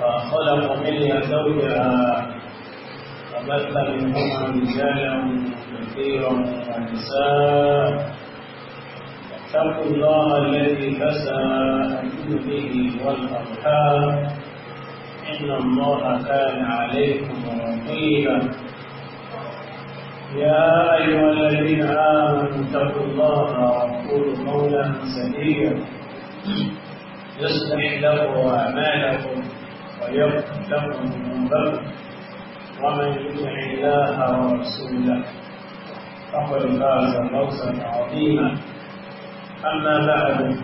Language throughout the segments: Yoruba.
فخلق منها زوجها فبث منهما رجالا كثيرا ونساء واتقوا الله الذي تساءلون به والارحام ان الله كان عليكم رقيبا يا ايها الذين امنوا اتقوا الله وقولوا قولا سديدا يصلح له اعمالكم ويغفر لكم ذنوبكم ومن يطع الله ورسوله فقد فاز فوزا عظيما اما بعد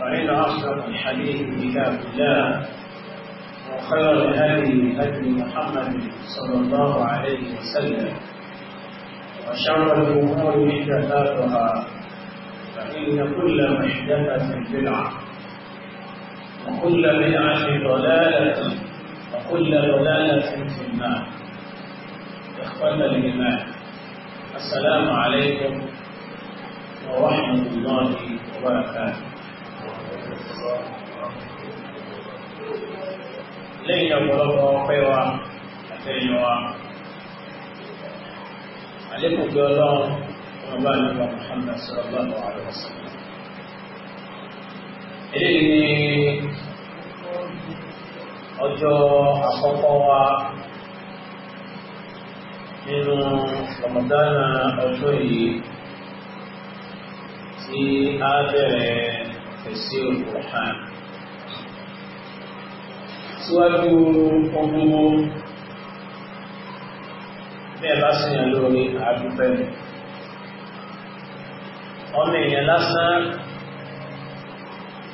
فان اصدق الحديث كتاب الله وخير الهدي هدي محمد صلى الله عليه وسلم وشر الامور محدثاتها فان كل محدثه بدعه وكل بدعة ضلالة وكل ضلالة في النار إخوانا الإيمان السلام عليكم ورحمة الله وبركاته لن يبلغ وقوى أتينوا عليكم بالله ومبارك محمد صلى الله عليه وسلم eléyìí ni ọjọ́ àkọ́kọ́ wa nínú ọmọdánà ọjọ́ yìí tí a bẹ̀rẹ̀ fèsì òkùnhàn síwájú ọgbọ́n bẹ́ẹ̀ bá sìyàn lórí àádúgbẹ́ ọmọ èèyàn lásán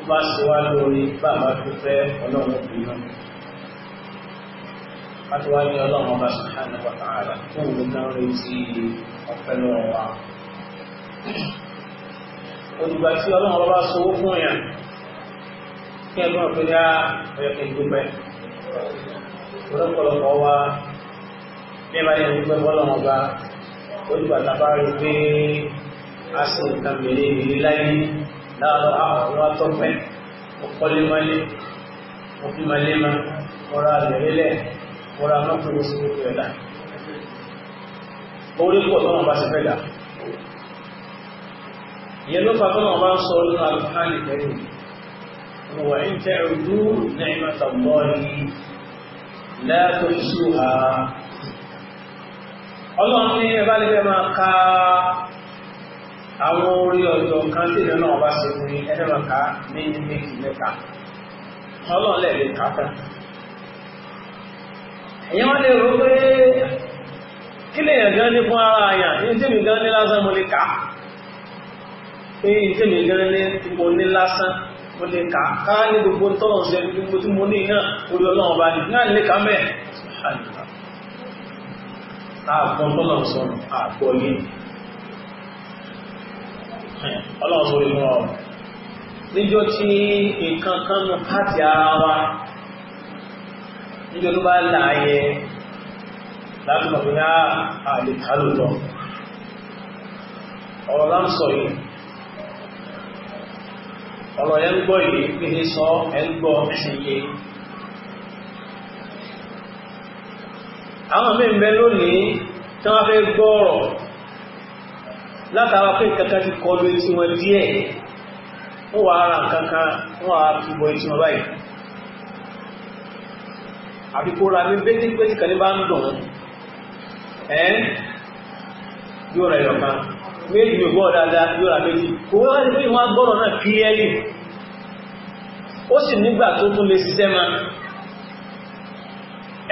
bá ṣe wá lórí bàbá tó fẹ́ ọlọ́run bínú láti wá ní ọlọ́run ọba subhanahu wa ta'ala tó wù náà retí ọpẹ́ lọ́wọ́ wa olùgbà tí ọlọ́run ọba sọwọ́ fún yàn kí ẹgbẹ́ ọ̀pẹ́ yá ẹ̀kẹ́ ìdúpẹ́ ọlọ́pọ̀lọpọ̀ wa bí ẹ bá yẹ ìdúpẹ́ fọlọ́run ọba olùgbà tá a bá rí pé a sì ń tàbí ilé ìlú láyé láàárọ̀ àwọn tọ́pẹ́ ọkọlẹ́mọlé ọfímalẹ́mọ ọ̀rọ̀ àgbẹ̀lẹ́lẹ̀ ọ̀rọ̀ àmọ́kùnrin sí gbogbo ẹ̀dá orí pọ̀ tọ́nà bá ti fẹ́dà ìyẹn ló fà tọ́nà bá ń sọ nínú alùpàlì pẹ̀lú wà ń tẹ́ ọlọ́run ní ẹbá máa ka àwọn orí ọjọ́ kan tí ìrìn náà bá ṣe fún ẹlẹ́mọ̀ká ní méjì mẹ́ta ọlọ́run lè lè kàtà èyàn wọ́n lè rò pé kí lè yàn gan ní fún ara àyàn ní tí mi gan ní lásán mo lè kà ní tí mi gan ní mo ní lásán mo lè kà ká ní gbogbo tọ́lọ̀ sí ẹni gbogbo tí mo ní náà orí ọlọ́run bá ní náà lè kà mẹ́ẹ̀ àgbọ̀n tọ́lọ̀ sọ àgbọ̀n yìí ọlọ́run mo lè mọ̀ ọ́ níjọ́ tí nǹkan kan nù káàtì ara wa níjọ́ ló bá là yẹ láti mọ̀ àlè ká lọ ọ̀rọ̀ lá ń sọ yìí ọ̀rọ̀ yẹn ń gbọ́ yìí pé ní sọ ẹ̀ ń gbọ́ sí iye àwọn mí ń lónìí tí wọ́n fẹ́ gbọ́ ọ̀rọ̀ látara pé kankan ti kọlu etí wọn díẹ̀ wọ́n wà ara kankan wọ́n wà túbọ̀ etí wọn báyìí àbíkóra mi bẹ́ẹ̀ pé kàní bá ń dùn ẹ́ yóò rẹ̀ yọ̀kan méjì yóò gbọ́ dáadáa yóò rà méjì kò wọ́n láti pé wọ́n gbọ́rọ̀ náà kílíẹ̀lì ó sì nígbà tó tún lè ṣiṣẹ́ máa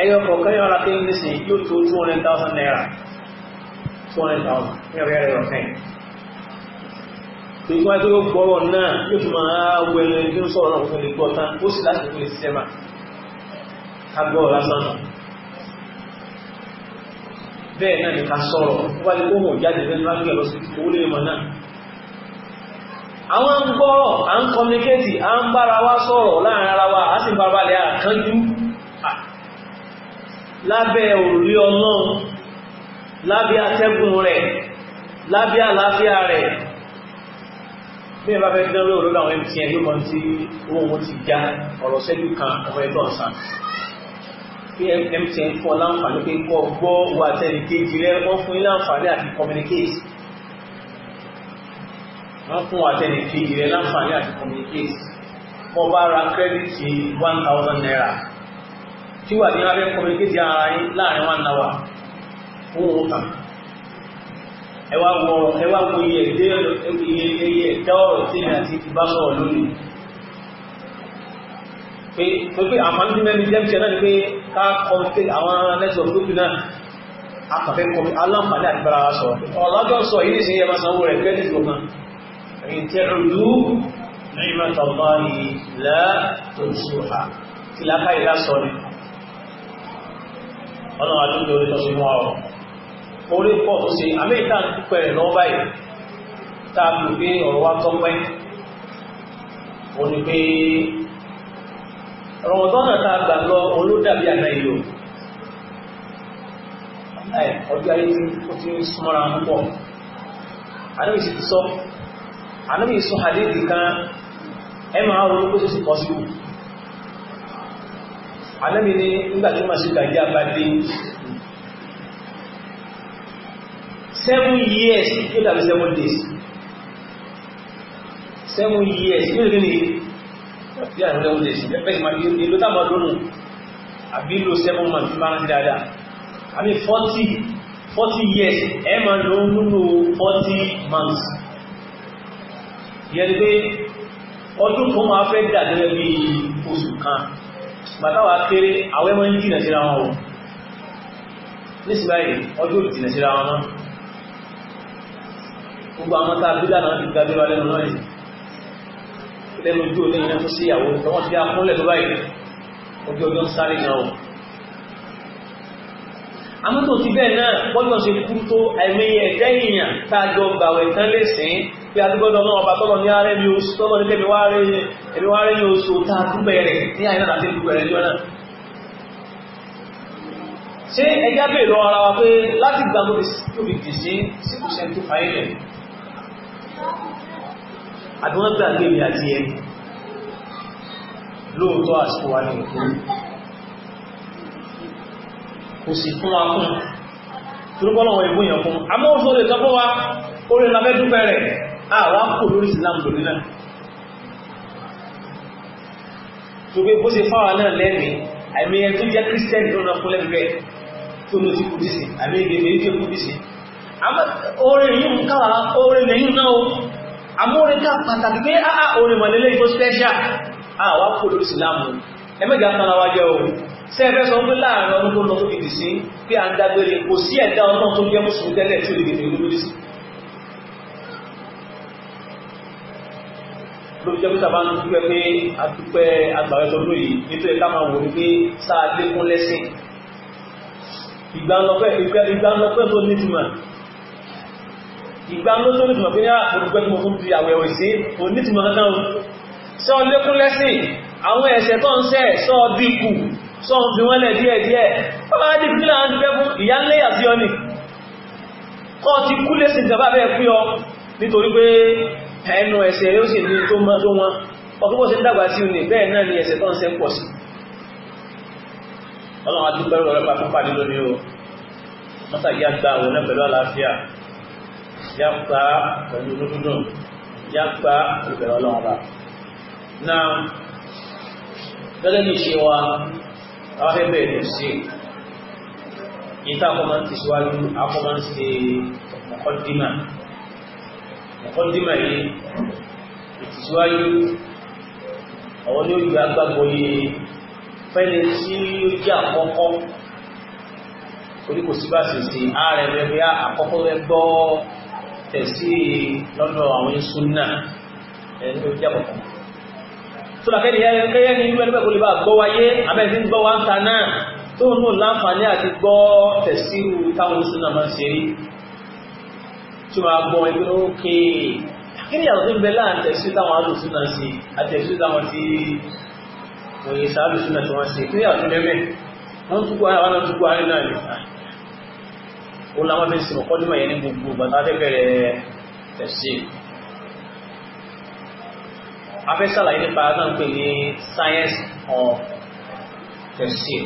ẹyọ kọ̀ọ̀kan yọ̀ra pé ń nísìn yóò tó 200,000 naira four hundred thousand ní ọ̀rẹ́ rẹ̀ ọ̀sẹ̀ tí wọ́n tó gbọ́rọ̀ náà yóò fi máa wọ ẹnu ẹni tó ń sọ̀rọ̀ náà fún ilé gbọ́ tán ó sì láti fún ìṣẹ́ mà ká gbọ́rọ̀ lásán náà bẹ́ẹ̀ náà ni ká sọ̀rọ̀ wọ́n bá ti kó hùn jáde lẹ́nu lágbè lọ sí owó lè mọ̀ náà àwọn ń gbọ́rọ̀ à ń kọmíkéètì à ń bára wa sọ̀rọ̀ láàrin ara wa a sì bá balẹ̀ àkánjú lábẹ́ òrùlé ọlọ́run lábẹ́ atẹ́gùn rẹ̀ lábẹ́ àlàáfíà rẹ̀ bí ẹ bá fẹ́ dán lóòrò láwọn mtn ló mọ́ tí owó wọn ti já ọ̀rọ̀ sẹ́jú kan ọmọ ẹgbẹ́ ọ̀sán bí mtn fún ọ láǹfààní pé kọ́ gbọ́ wà tẹ́lẹ̀ kejì rẹ wọ́n fún yín láǹfààní àti communicate wọ́n fún wà tẹ́lẹ̀ kejì rẹ láǹfààní àti communicate mo bá ra kírẹ́dìtì one thousand naira tí wà ní abẹ́ communicate ara yín láàrin one hour ohun kan ẹwà wọ ẹwà wọ iye ẹ̀dá ọ̀rọ̀ tí ní àti ti bá sọ̀rọ̀ lónìí pé pé àmàlùmí mẹ́rin jẹ́ ìṣẹ́ náà ni pé ká kọ́ńté àwọn network group náà akọ̀fẹ́ kọ́mí aláǹfààní àti bára sọ̀rọ̀ ọ̀lọ́jọ́ sọ yìí sí ẹmà sanwó rẹ̀ pẹ́ nìjọ kan ẹ̀yìn tẹ́ ìlú ni'matallahi la tunsuha tí lákàí lásọ̀ ni ọlọ́run àdúgbò orí pọ̀ tó ṣe amẹ́ta ń dúpẹ́ rẹ̀ lọ́wọ́ báyìí tá a lò pé ọ̀rọ̀ wa tọ́pẹ́ ó ní pé rọ̀mọ̀tọ́nà tá a gbà lọ olódàbí àná ìlò ọjọ́ ayé tí ó ti ń súnmọ́ra púpọ̀ anábì sì ti sọ anábì sọ àdéhìí kan ẹ máa ronú pé sísì pọ̀ sí anábì ní nígbà tí ó máa ṣe gbàgbé àbádé seven years yóò have seven days seven years yóò dàbí ní bí àwọn seven days bẹ́ẹ̀ ma ní don't tábà lónù àbí lo seven months fi máa ń dáadáa àbí forty forty years ẹ máa lò ó nínú forty months yẹn ni pé ọdún tó máa fẹ́ dà gẹ́gẹ́ bí oṣù kan gbàtàwà kéré àwẹ́ mọ́ ń jìnà síra wọn o nísìnyí báyìí ọdún ìjìnà síra wọn náà gbogbo àwọn tá a bí dáná ti gbájú wa lẹ́nu náà lẹ́nu ojú òní iná tó sí ìyàwó tí wọ́n ti akúnlẹ̀ tó báyìí ojú ọjọ́ ń sáré náà o. àmọ́tò ti bẹ́ẹ̀ náà bọ́jọ́ ṣe kú tó àìmọye ẹ̀dẹ́ èèyàn tá a jọ gbàwẹ̀ tán lè sìn pé adúgbọ́dọ̀ náà ọba tọ́lọ ní ààrẹ mi oṣù tọ́lọ ní kẹ́mi wá rẹ̀ ní oṣù tá a tún ní àyínà àti ìdúgbẹ̀rẹ̀ jọ náà ṣé ẹjá bèèrè lọ wa pé láti gbàgbọ́ àbí wọ́n gbàgbé mi àti ẹ lóòótọ́ àsìkò wa ní òkú kò sì fún wa kún turúbọ́lọ̀wọ̀ ìgbóyàn fún amóhùn orí ìtọ́fọ́ wa orí ìlàfẹ́ dúpẹ́ rẹ̀ àwá kò lórí Islam lórí náà tó gbé bó ṣe fáwà náà lẹ́mí àmì ẹ̀ tó jẹ́ kírísítẹ́nì lọ́nà fún lẹ́gbẹ̀ẹ́ tó ló ti kùdísì àmì ìgbèmí tó kùdísì àmórin ká pàtàkì pé àà ah, ah, orin mọ̀lẹ́lẹ́ tó spẹ́ṣà àwá kò lórí ìsìlámù ẹmẹ́gà tánra wájẹ́ ohun sẹ́ẹ̀fẹ́ sọ pé láàrin ọdún tó lọ tó fìdí sí pé a ń dágbére kò sí ẹ̀dá ọdún tó jẹ́ mùsùlùmí tẹ́lẹ̀ tí ó lè gbèdè lórí sí lórí jẹ́ pítà bá ń dúpẹ́ pé adúpẹ́ àgbàwẹ́ tó lóyìí nítorí ká máa wò ní pé ìgbà ló tó nìtùmọ̀ pé ní ah, àpòrùgbẹ́ tí mo fún fi àwẹ̀ òwè sí kò nìtùmọ̀ náà sọ lékún lẹ́sìn àwọn ẹ̀ṣẹ̀ tó ń ṣẹ̀ sọ dínkù sọ ń fi wọ́n lẹ̀ díẹ̀ díẹ̀ bàbá dì kí là ń fẹ́ fún ìyá ńlẹ́yà sí ọ ni kọ́ ti kú lẹ́sìn ìjọba bẹ́ẹ̀ pín ọ nítorí pé ẹnu ẹ̀ṣẹ̀ yóò sì ní tó mọ́ tó wọn ọkùnkùn sí ń dàgbà sí ní ni ẹ̀ṣẹ̀ tó ń ṣẹ̀ pọ̀ sí ọlọ́run adúgbẹ́rù ọlọ́pàá fún pàdé lónìí o mọ́tàgí àgbà àwọn náà pẹ̀lú àlàáfíà yàpá pẹ̀lú olódúndùn yàpá ìbẹ̀rẹ̀ ọlọ́run bá náà gẹ́gẹ́ bí ṣe wa àwọn afẹ́bẹ̀ ìlú sí ìta akọ́mọ́ ti síwájú akọ́mọ́ sí mọ̀kọ́dímà mọ̀kọ́dímà yìí ìtìsíwájú àwọn ní olùgbé agbábọ̀ yìí fẹ́ni tí ó jẹ́ àkọ́kọ́ orí kò sí bá sì sí ààrẹ rẹ̀ bí àkọ́kọ́ rẹ̀ gbọ́ tẹ̀síìrì lọ́dọ̀ àwọn súnà ẹni tó jẹ́ kọ̀ọ̀kan tó bá kẹ́ni kẹ́yẹ́ ní ìlú ẹlẹ́gbẹ́ kò lè bá gbọ́ wáyé abẹ́ẹ̀sí ń gbọ́ wá ń ta náà tó ń nù láǹfààní àti gbọ́ tẹ̀síìrù táwọn súnà máa ń ṣe rí tí wọ́n á gbọ́ ẹgbẹ́ ókè kí ni àwọn tó ń bẹ láàrín tẹ̀síìrù táwọn alùsùn náà ṣe àti tẹ̀síìrù táwọn ti òye sáà alùsùn náà ti wọ́n ṣe kí àwọn tó ń ó láwọn fi sìn ọkọ́ nímọ̀ yẹn ní gbogbo bàtà afẹ́bẹ̀rẹ̀ tẹ̀sí afẹ́ sàlàyé nípa náà ń pè ní science of tẹ̀sí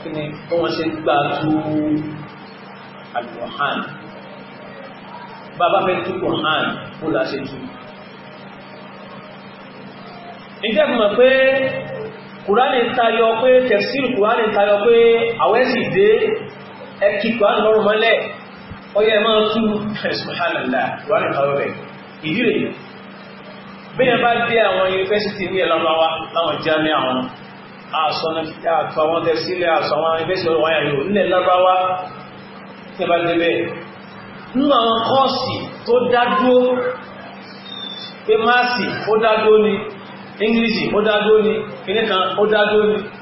kí ni bí wọ́n ṣe gbà tú aluhan bàbá fẹ́ tú kùrán kó la ṣe tú ìjẹ́ mọ̀ pé kùránì tayọ pé tẹ̀sí kùránì tayọ pé àwẹ́sì dé ẹkì kwan lọ́rùn mọ́lẹ̀ ọyẹ máa tú ṣùhánàlá ìwádìí kan rẹ̀ ìdí rẹ̀ bẹ́ẹ̀ bá dé àwọn yunifásitì ní ẹlọ́mọwá láwọn jámẹ́ àwọn àṣọ́nà àtọ́ àwọn tẹ̀sílẹ̀ àṣọ́ àwọn yunifásitì ọ̀rọ̀ wáyà yóò nílẹ̀ lọ́bàwá tí a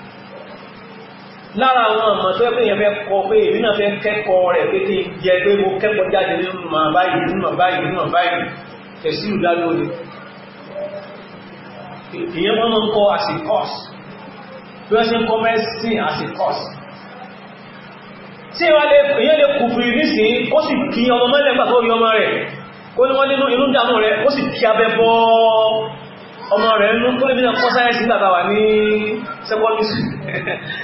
lára àwọn àmọ́ tó ẹgbẹ́ yẹn fẹ́ kọ pé èmi náà fẹ́ kẹ́kọ̀ọ́ rẹ̀ pé kí yẹ pé mo kẹ́kọ̀ọ́ jáde nínú mà báyìí nínú báyìí nínú báyìí tẹ̀sí ìlú dáadọ́ ni ìyẹn wọ́n mọ́ ń kọ́ àsì kọ́ọ̀sì bí wọ́n ṣe ń kọ́ mẹ́sì àsì kọ́ọ̀sì tí ìyẹn lè kù fìrí nísìn ó sì kí ọmọ mẹ́lẹ̀ pàtó yọ ọmọ rẹ̀ kó ní wọ́n nínú inú dàmú rẹ̀ ó sì kí abẹ bọ́ ọmọ rẹ̀ nú tó lè bí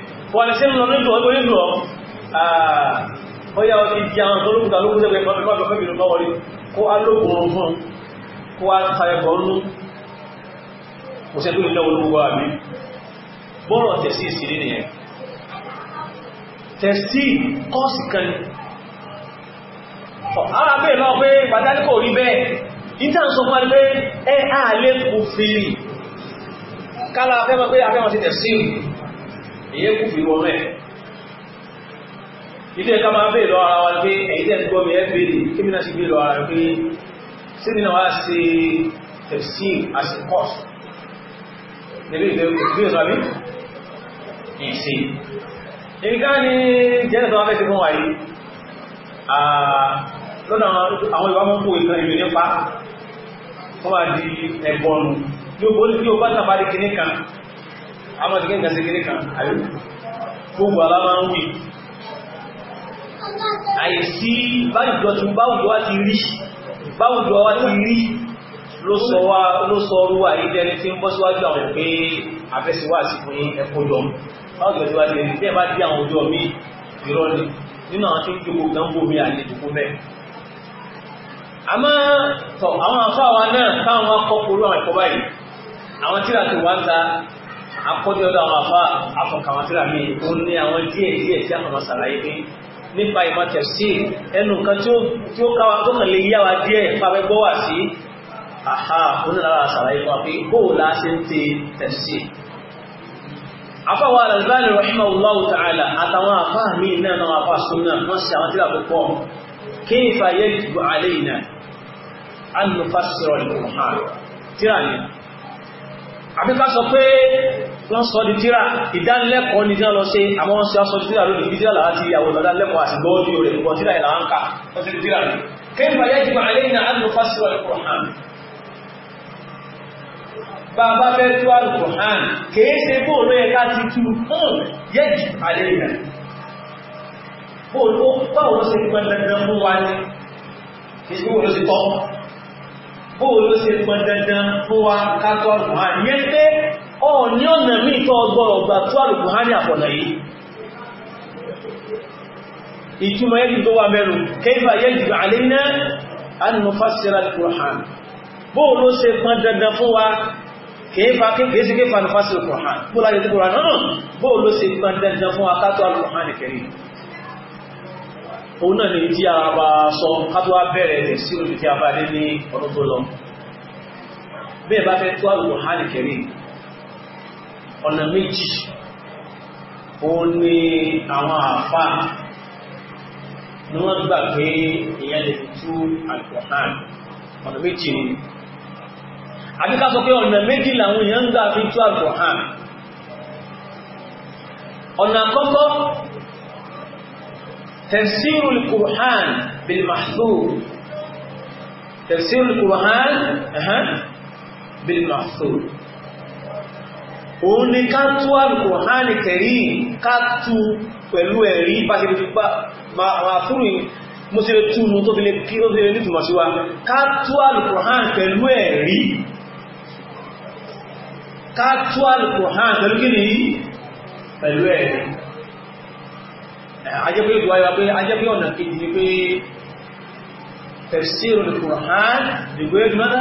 wọ́n lè ṣe ń lọ nílùú ọdún nílùú ọ ó yá ọdún ìdí àwọn tó lókùtà lókùtà pé kọ́bí kọ́bí ló kọ́wọ́rí kó á lóògùn fún kó á tayẹ kọ́ nú kò sẹ́ tó lè lọ́wọ́ lówó àmì bọ́rọ̀ tẹ̀sí ìsìlẹ̀ nìyẹn tẹ̀sí kọ́ọ̀sì kan ara bẹ́ẹ̀ lọ pé pàtàkì kò rí bẹ́ẹ̀ ìtàn sọ fún alẹ́ ẹ àlẹ́ kò fìlì kálá afẹ́mọ́ pé afẹ́mọ́ sí tẹ̀sí èyí kú fi wọ́n mẹ́ ilé ẹ̀ka máa bèèrè lọ ara wa pé ẹ̀yìn tẹ́ ń gbọ́ mi ẹ́ bèèrè kí mi náà sì bèèrè lọ ara pé sí ni wọ́n á ṣe tẹ̀sí àti kọ́ọ̀sì níbi ìgbé ìgbà mi ìsìn ibi ká ní jẹ́nà tó wá fẹ́ sí fún wa yìí lọ́nà àwọn ìwà mọ́ kó ìtàn ìlú nípa wọ́n wá di ẹ̀bọ̀nù ní o bó ní o bá tàbá di kìnnìkan a máa tẹ́kẹ́ ìgbàsí kéré kan àyè gbogbo aláwọ̀ ń wí àyè sí báwùjọ tí báwùjọ wá ti rí báwùjọ wá ti rí ló sọ wá ló sọ ọrú àyídẹni tí ń bọ́ síwájú àwọn pé àfẹ́síwá sí fún ẹkọjọ báwùjọ tí wá ti rí bẹ́ẹ̀ bá dí àwọn ojú tí wá ń ta akọ́ni ọ̀dọ̀ àwọn afá afọ̀kàwátìrà mi ó ní àwọn díẹ̀ díẹ̀ tí àwọn masàlàyé ní nípa ìmọ̀ tẹ̀sí ẹnu nǹkan tí ó káwa tó kàn lè yá wa díẹ̀ fáfẹ́ gbọ́ wà sí àhá onílára àsàlàyé fún wa pé bóò la ṣe ń ti tẹ̀sí. afáwa Al-Albani rahimahullahu ta'ala àtàwọn afá mi náà náà afá súnmọ́ wọ́n ṣe àwọn tíra púpọ̀ kéèfà yẹ jù àlẹ́ ìnà an nufassira al-Qur'an tíra ni àbíká sọ pé wọ́n sọ di tíra ìdánilẹ́kọ̀ọ́ ní tíra lọ sí àwọn ọ̀sẹ̀ ọ̀sọ̀ di tíra lónìí tíra làwọn ti àwọn ìdánilẹ́kọ̀ọ́ àti gbọ́ ní rẹ̀ gbọ́ tíra ìlànà ń kà wọ́n sì di tíra ní. kéèmà yẹ jùlọ àlẹ́ ìnà àdùn fásitì alukur'an bá a bá fẹ́ tú alukur'an kèé ṣe bóòlù yẹ ká ti tú dandan fún wa ní kì í bóòlù pé ọ ní ọ̀nà mí tọ́ ọgbọ́rọ̀ gbà tó àrùkù hánì àpọ̀nà yìí ìtumọ̀ yẹ́ tó wà mẹ́rù kẹfà yẹ́ jù àlẹ́nà annufasira al bó ló ṣe pọn dandan fún wa kẹfà kẹfà kẹfà annufasira al-Qur'an bó láyé tó kùrán náà wa kátó al-Qur'an al-Karim òun náà ni tí a bá sọ kátó wá bẹ̀rẹ̀ ẹ̀ sí orí tí a bá dé ní ọdún tó lọ bẹ́ẹ̀ bá fẹ́ tó al-Qur'an al ọ̀nà méjì ó ní àwọn àfà ní wọ́n gbà pé ìyẹn lè tú Al-Qur'an ọ̀nà méjì ni àbíká sọ pé ọ̀nà méjì làwọn èèyàn ń gbà fi tú Al-Qur'an ọ̀nà àkọ́kọ́ tafsirul Qur'an bil mahdhur tafsirul Qur'an bil mahdhur òun ni ká tú alùkùnránì kẹrí ká tú pẹ̀lú ẹ̀rí pàṣípà ma fúrù mo ṣe lè túnú tó fi lè kí ó fi lè nítùmọ̀ sí wa ká tú alùkùnránì pẹ̀lú ẹ̀rí ká tú alùkùnránì pẹ̀lú kí ni pẹ̀lú ẹ̀rí ajẹ́pẹ́ ìdúwà yọ pé ajẹ́pẹ́ ọ̀nà kejì ni pé tafsir alùkùnránì ìgbé ìdúmọ́ta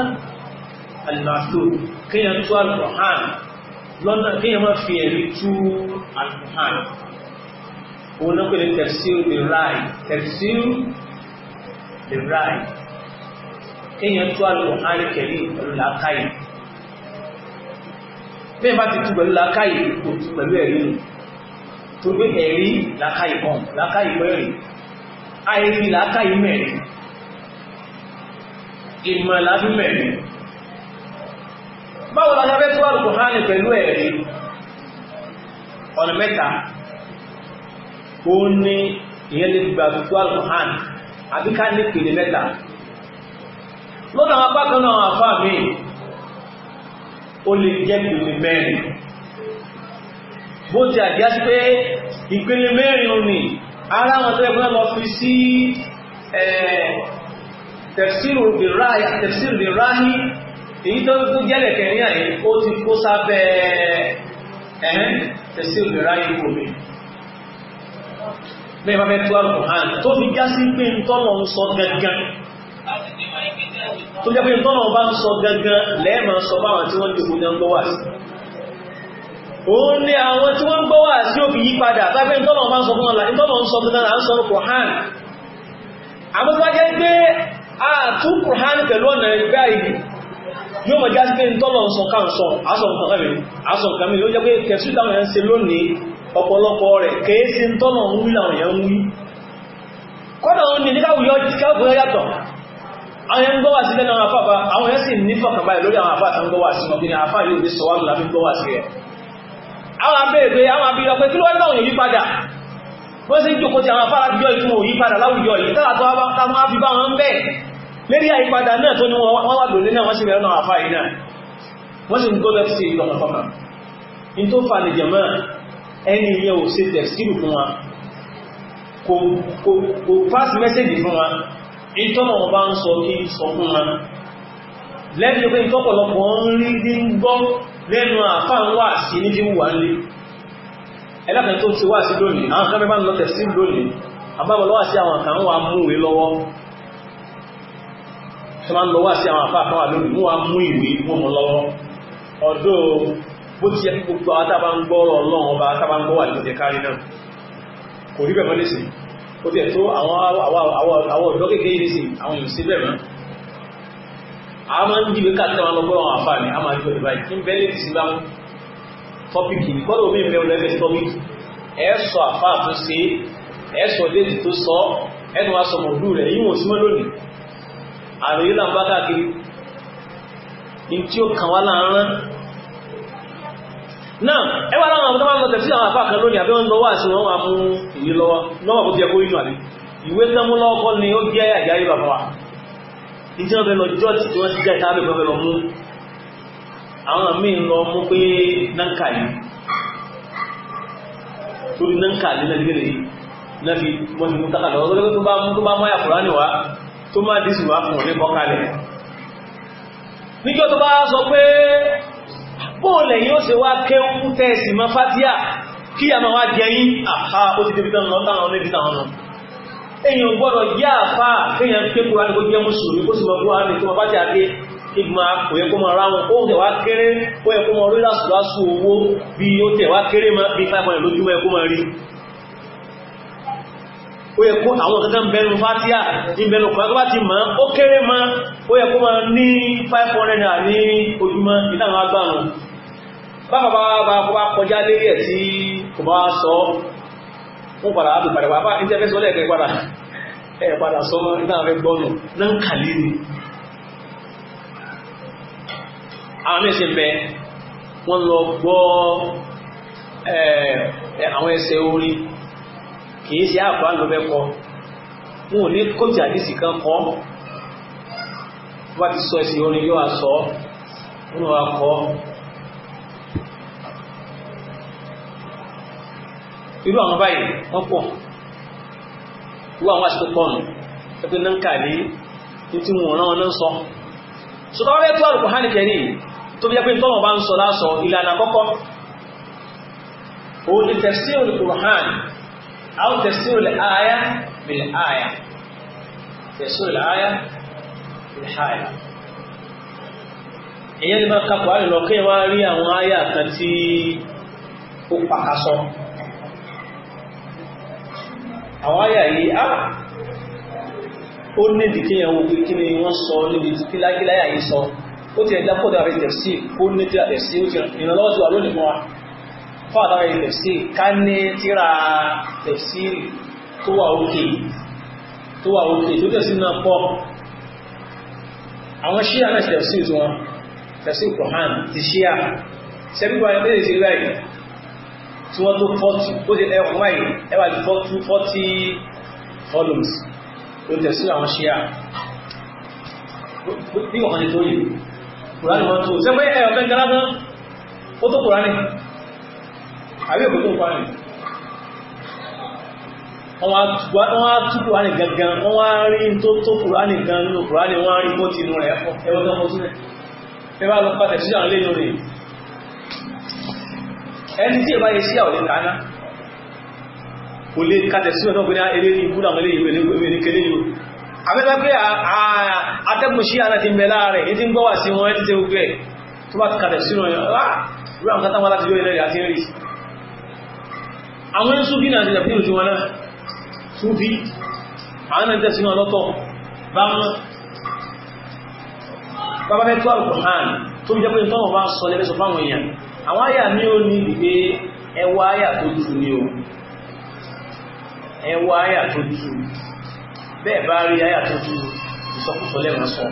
alìmọ̀tò kéèyàn tú alùkùnránì lọ́nà kí ẹmọ́ fi ẹ̀rí tú alfuhan òun náà pẹ̀lú the right tafsir the right kí ẹ̀yẹn tú alfuhan kẹ̀lí pẹ̀lú làákàyè bí ẹ bá ti tú pẹ̀lú làákàyè kò tú pẹ̀lú ẹ̀rí nù tó gbé ẹ̀rí làákàyè kan làákàyè mẹ́rin àìrí làákàyè mẹ́rin báwo la ṣe tú Al-Qur'ani pẹ̀lú ẹ̀rí ọ̀nà mẹ́ta ó ní ìyẹn lè gbà tú Al-Qur'ani àbí ká ní pèlè mẹ́ta lọ́nà apá kan náà àfá mi ó lè jẹ́ pèlè mẹ́rin bó ti àjá sí pé ìpele mẹ́rin omi ara wọn tó ẹgbẹ́ lọ fi sí tafsiru bi rahi èyí tó kú jẹ́lẹ̀ kẹrin àyè ó ti kó sábẹ́ ẹ̀hẹ́n tẹ̀sí òmìnira ipò mi bẹ́ẹ̀ bá fẹ́ tó àrùn hàn tó fi já sí pé ntọ́nà ń sọ gangan tó jẹ́ pé ntọ́nà bá ń sọ gangan lẹ́ẹ̀mà sọ báwọn tí wọ́n dìbò náà gbọ́wà sí òun ni àwọn tí wọ́n gbọ́wà sí òfin yí padà tábẹ́ ntọ́nà bá ń sọ fún wọn láti ntọ́nà ń sọ fún náà ń sọ kò hàn àbúrò wájẹ́ pé àtúkù yóò mọ̀ já sí pé tọ́lọ̀ sọ ká sọ àsọ̀nkàmì ló jẹ́ pé tẹ̀sù táwọn èèyàn ṣe lónìí ọ̀pọ̀lọpọ̀ rẹ̀ kèé sí tọ́lọ̀ ń wí làwọn èèyàn ń wí kọ́nà òun ni níkàwùyọ́ káàkùnrin yàtọ̀ àwọn èèyàn gbọ́wà sí lẹ́nu àwọn afáfá àwọn èèyàn sì ní fọkànbalẹ̀ lórí àwọn afá àti gbọ́wà sí wọn bí ní afá yóò fi sọ̀wọ́ láti gbọ́wà sí rẹ̀ àwọn abẹ́ẹ̀gbẹ́ lérí àyípadà náà tó ní wọ́n wà lónìí náà wọ́n sì mẹ́rin náà àfá yìí náà wọ́n sì ń gọ́ lẹ́fì sí ìlú ọ̀nà in tó fa lè jẹ̀mọ́ ẹni yẹ ò sí fún pass message fún wa in tó náà bá ń sọ kí sọ fún wa lẹ́nu pé ìtọ́pọ̀lọpọ̀ ń rí ní ń gbọ́ lẹ́nu àfá ń wà sí ní wà ẹlẹ́kẹ̀ẹ́ tó ti wà sí lónìí àwọn ń lọ lónìí àbábọ̀lọ́wà sí àwọn wà tó máa ń lọ wá sí àwọn àfáà kan wà lónìí wọ́n á mú ìwé wọ́n mú lọ́wọ́ ọ̀dọ́ bó ti yẹ kí gbogbo àwọn tábà ń gbọ́rọ̀ ọlọ́run ọba tábà ń gbọ́wà lóde kárí náà kò rí bẹ̀rẹ̀ lẹ́sìn ó tiẹ̀ tó àwọn ọ̀dọ́ kékeré lẹ́sìn àwọn èèyàn bẹ̀rẹ̀ a máa ń dìbò káàkiri àwọn ọgbọ́n àwọn àfáà ni a máa ń dìbò ìbáyìí kí n bẹ́ẹ̀ lè sí bá tọ́pìkì gbọ́dọ̀ omi ìbẹ̀rẹ̀ lẹ́sìn tọ́pìkì ẹ̀ sọ àfáà tó ṣe ẹ̀ sọ déètì tó sọ ẹnu wa sọ mọ̀ọ́dù rẹ̀ yíwọ̀n sí lónìí àròyìn là ń bá káàkiri in tí ó kàn wá láàárán náà ẹwà láwọn àwọn tọ́wọ́ lọ́tẹ̀ sí àwọn àfáà kan lónìí àbí wọ́n lọ wá sí wọn wà fún ìwé lọ́wọ́ lọ́wọ́ bó ti ẹkọ́ inú àbí ìwé tẹ́mú lọ́kọ́ ni ó jẹ́ àjá yìí bàbá wa ìjẹ́ wọn fẹ́ lọ jọ́ọ̀tì tí wọ́n ti jẹ́ ìtàbí fẹ́ lọ mú àwọn míì lọ mú pé náǹkà yìí torí náǹkà yìí náà tó máa dìsù wá fún òní kọkàlẹ̀ níjọ́ tó bá sọ pé bóòlẹ̀ yóò ṣe wá kéwú tẹ́ẹ̀sì ma fátíà kí a máa wá jẹyìn àhá ó ti débi tán lọ táwọn oníbi táwọn lọ èyàn gbọ́dọ̀ yá àfá kéèyàn pé kúrò ní kó jẹ́ mùsùlùmí kó sì mọ̀ kúrò ní ma fátíà dé ìgbà kò yẹ kó wọn ó tẹ̀ kéré ó yẹ kó mọ̀ rí lásùlásù owó bí ó tẹ̀ kéré bí 500 lójúmọ́ ẹ mọ̀ rí ó yẹ kó àwọn kankan bẹnu fatia ní bẹnu kọ̀ọ̀kọ́ ti mọ́ ó kéré mọ́ ó yẹ kó ma ní 500 naira ní ojúmọ́ ìdáhùn agbáhùn bábàbà kọjá lérí ẹ̀ tí kò bá sọ fún padà àbò padà wà bá ní tẹ́fẹ́ sọ́lẹ̀ ẹ̀kẹ́ padà ẹ̀ padà sọ ìdáhùn rẹ̀ gbọ́nù náà kàlí ni àwọn mẹ́sẹ̀ mẹ́ wọ́n lọ gbọ́ àwọn ẹsẹ̀ orin kìí ṣe àkùrán ló fẹ́ kọ́ wọn ò ní kóòtù àdìsí kan kọ́ wọ́n ti sọ ẹ̀sìn orin yóò sọ wọn wá kọ́ irú àwọn báyìí wọ́n pọ̀ irú àwọn àṣìkò pọ̀nù pẹ́pẹ́ náà ń kà ní tí wọ́n rán ọ́nà sọ ṣùgbọ́n wọ́n fẹ́ tó àrùkù hàn kẹ́rì tó bí jẹ́pẹ́ tọ́wọ́n bá ń sọ lásọ ìlànà kọ́kọ́ òun ni tafsirul Qur'an أو aya الآية aya تفسير الآية بالآية ìyẹn ni máa kapọ̀ àrìnà kí wá rí àwọn kan tí ó pàkásọ àwọn àyà yìí á ó nídìí kí ẹwọ pé kí ni wọ́n sọ níbi tí lágíláyà yìí sọ ó ti ẹ̀dá tẹ̀sí ó ó fún àtàwọn ilẹ̀ tẹ̀fsí ká ní tíra tẹ̀fsí tó wà òkè tó wà òkè tó tẹ̀sí náà pọ̀ àwọn ṣíà náà tẹ̀fsí tí wọn tẹ̀fsí kùrán ti ṣíà sẹ́gbígbà ilé ìṣe láì tí wọ́n tó 40 ó ti ẹkùn wáyé ẹwà ti 40 volumes ó tẹ̀fsí àwọn ṣíà bí wọ́n kan ti tó yìí kùrán ni wọ́n tó sẹ́gbẹ́ ẹ̀yọ̀ kẹ́kẹ́ lásán ó tó kùrán ni àbí òkú tó kọ́rin wọ́n á tú kùránì gangan wọ́n wá rí tó tó kùránì gan nínú kùránì wọ́n rí bó ti nù rẹ̀ ẹwọ́n tó mọ́ sílẹ̀ ẹ bá lọ pàtẹ̀ sí àwọn lẹ́nu rẹ̀ ẹni tí ìbá yẹ sí àwọn lẹ́nu àná kò lè kàtẹ̀ sí ọ̀nà ògbìnà eré ní ìbúdà mọ́lé ìwé ní kéré yìí àbẹ́ta pé àtẹ́gùn sí àná àwọn yẹn súfí náà ti tẹ̀fí ìrùsí wọn náà súfí àwọn náà tẹ̀sí náà lọ́tọ̀ bá mọ́ bàbá fẹ́ tó alùkùnrán tó bí jẹ́ pé tọ́wọ́ bá sọ lẹ́fẹ́ sọ fáwọn èèyàn àwọn àyà ní ó o ẹwà àyà tó tù bẹ́ẹ̀ bá rí àyà tó tù ìsọkúsọ lẹ́mọ̀ sọ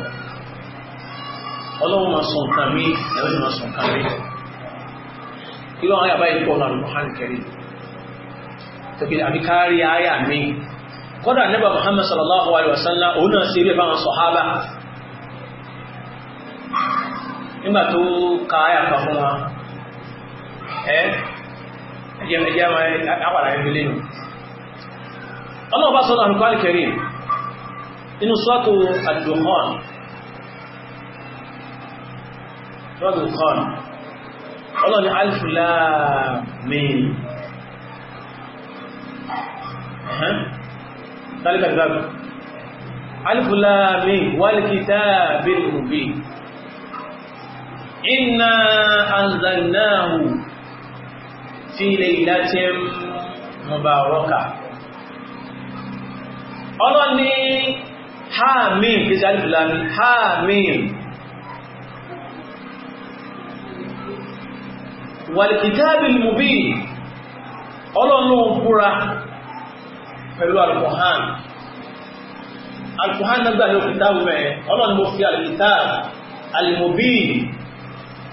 ọlọ́run máa sọ nǹkan mí ẹ̀rọ ni máa sọ nǹkan mí kí lọ́wọ́ àyà báyìí pọ̀ lọ́rùn kẹrin tẹ́kìlì àbí kárí ayà mi kọ́dà nẹ́bà Muhammad sallallahu alaihi wasallam o náà sí ilé fáwọn sọ̀hábà nígbà tó ka ayà kan fún wa ẹ́ ẹjẹ́ ẹjẹ́ àpàdà ẹgbẹ́ lẹ́nu ọlọ́ọ̀bá sọ́nà àrùkọ́ àìkẹrì inú sọ́tò àdùnkọ́n rọ́dùnkọ́n ọlọ́ni alifulamin ذلك الباب ألف لام والكتاب المبين إنا أنزلناه في ليلة مباركة ọlọ́ni hamim kìí sáà ìfìlàmì hamim wàlìkìtàbí mubin ọlọ́nà òkúra pẹ̀lú alukuhan alukuhan náà gbàgbé òkúta wẹ̀ ọlọ́run mo fi àlùkìtà àlùmọ̀bí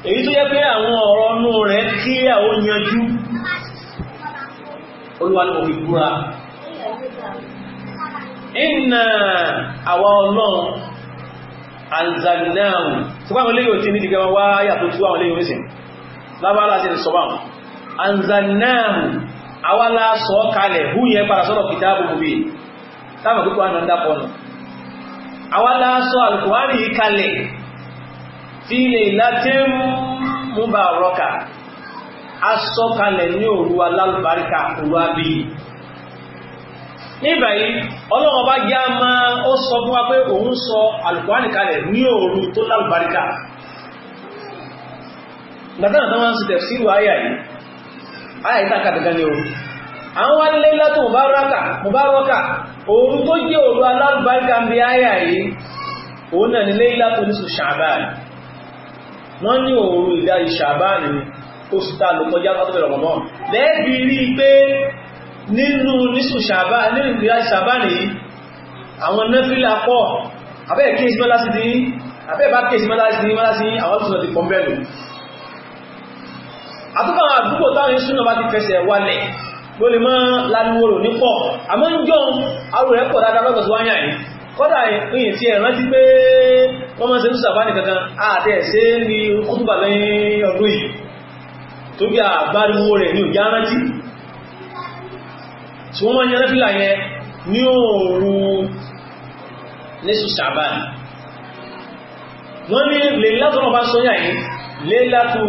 èyí tó yẹ pé àwọn ọ̀rọ̀ ọnú rẹ̀ kí àwọn yanjú olúwa ni mo fi búra inna àwa ọlọ́run anzalnahu tí wọ́n lè yóò tí ní dìgbà wáyà tó tú àwọn lè yóò àwa la sọ kalẹ̀ hu yẹn padà sọ́rọ̀ kìtàbù mùbí táwọn púpọ̀ àná ń dápọ̀ nù àwa la sọ alùkùnrin yìí kalẹ̀ fi laylatin mubaraka a sọ kalẹ̀ ní òru alálùbáríkà òru abí níbà yìí ọlọ́run bá yá máa ó sọ fún wa pé òun sọ alùkùnrin kalẹ̀ ní òru tó lálùbáríkà gbàtà náà tó máa ń sọ tẹ̀síwáyà yìí ayà ìtàkà gẹ́gẹ́ ni o àwọn wá nílé látò mùbárọ́kà òru tó jẹ́ òru alárùbáríkà bí ayà yìí òun náà nílé látò nísù ṣàbáàn wọ́n ní òru ìdáyì ṣàbáàn ni oṣù tá ló kọjá pátọ́bẹ̀rẹ̀ ọmọ lẹ́ẹ̀bí rí pé nínú nísù ṣàbáàn nínú ìdáyì ṣàbáàn yìí àwọn nẹ́fílà pọ̀ abẹ́ẹ̀ kéèsì mọ́lá sí ní abẹ́ẹ̀ bá kéèsì mọ́lá sí ní mọ́lá sí àwọn tó sọ ti pọ̀ bẹ́ẹ̀ lò àtúkà àdúgbò táwọn ìṣúná bá ti fẹsẹ̀ wálẹ̀ ló lè máa lálúwòrò ní pọ̀ àmọ́ ń jọ arò rẹ̀ pọ̀ dáadáa lọ́gbọ̀sí wáyà yìí kọ́dà ìyìn tí ẹ̀rán ti pé wọ́n máa ṣe ń sàbá nìkankan àti ẹ̀ṣẹ́ ní kútùbà lẹ́yìn ọdún yìí tó bí àgbáriwo rẹ̀ ní òjá rántí tí wọ́n máa yẹrẹ́ fílà yẹn ní òòrù lẹ́sù sàbá wọ́n ní lè látọ̀nà bá sọ́yà yìí lè látọ̀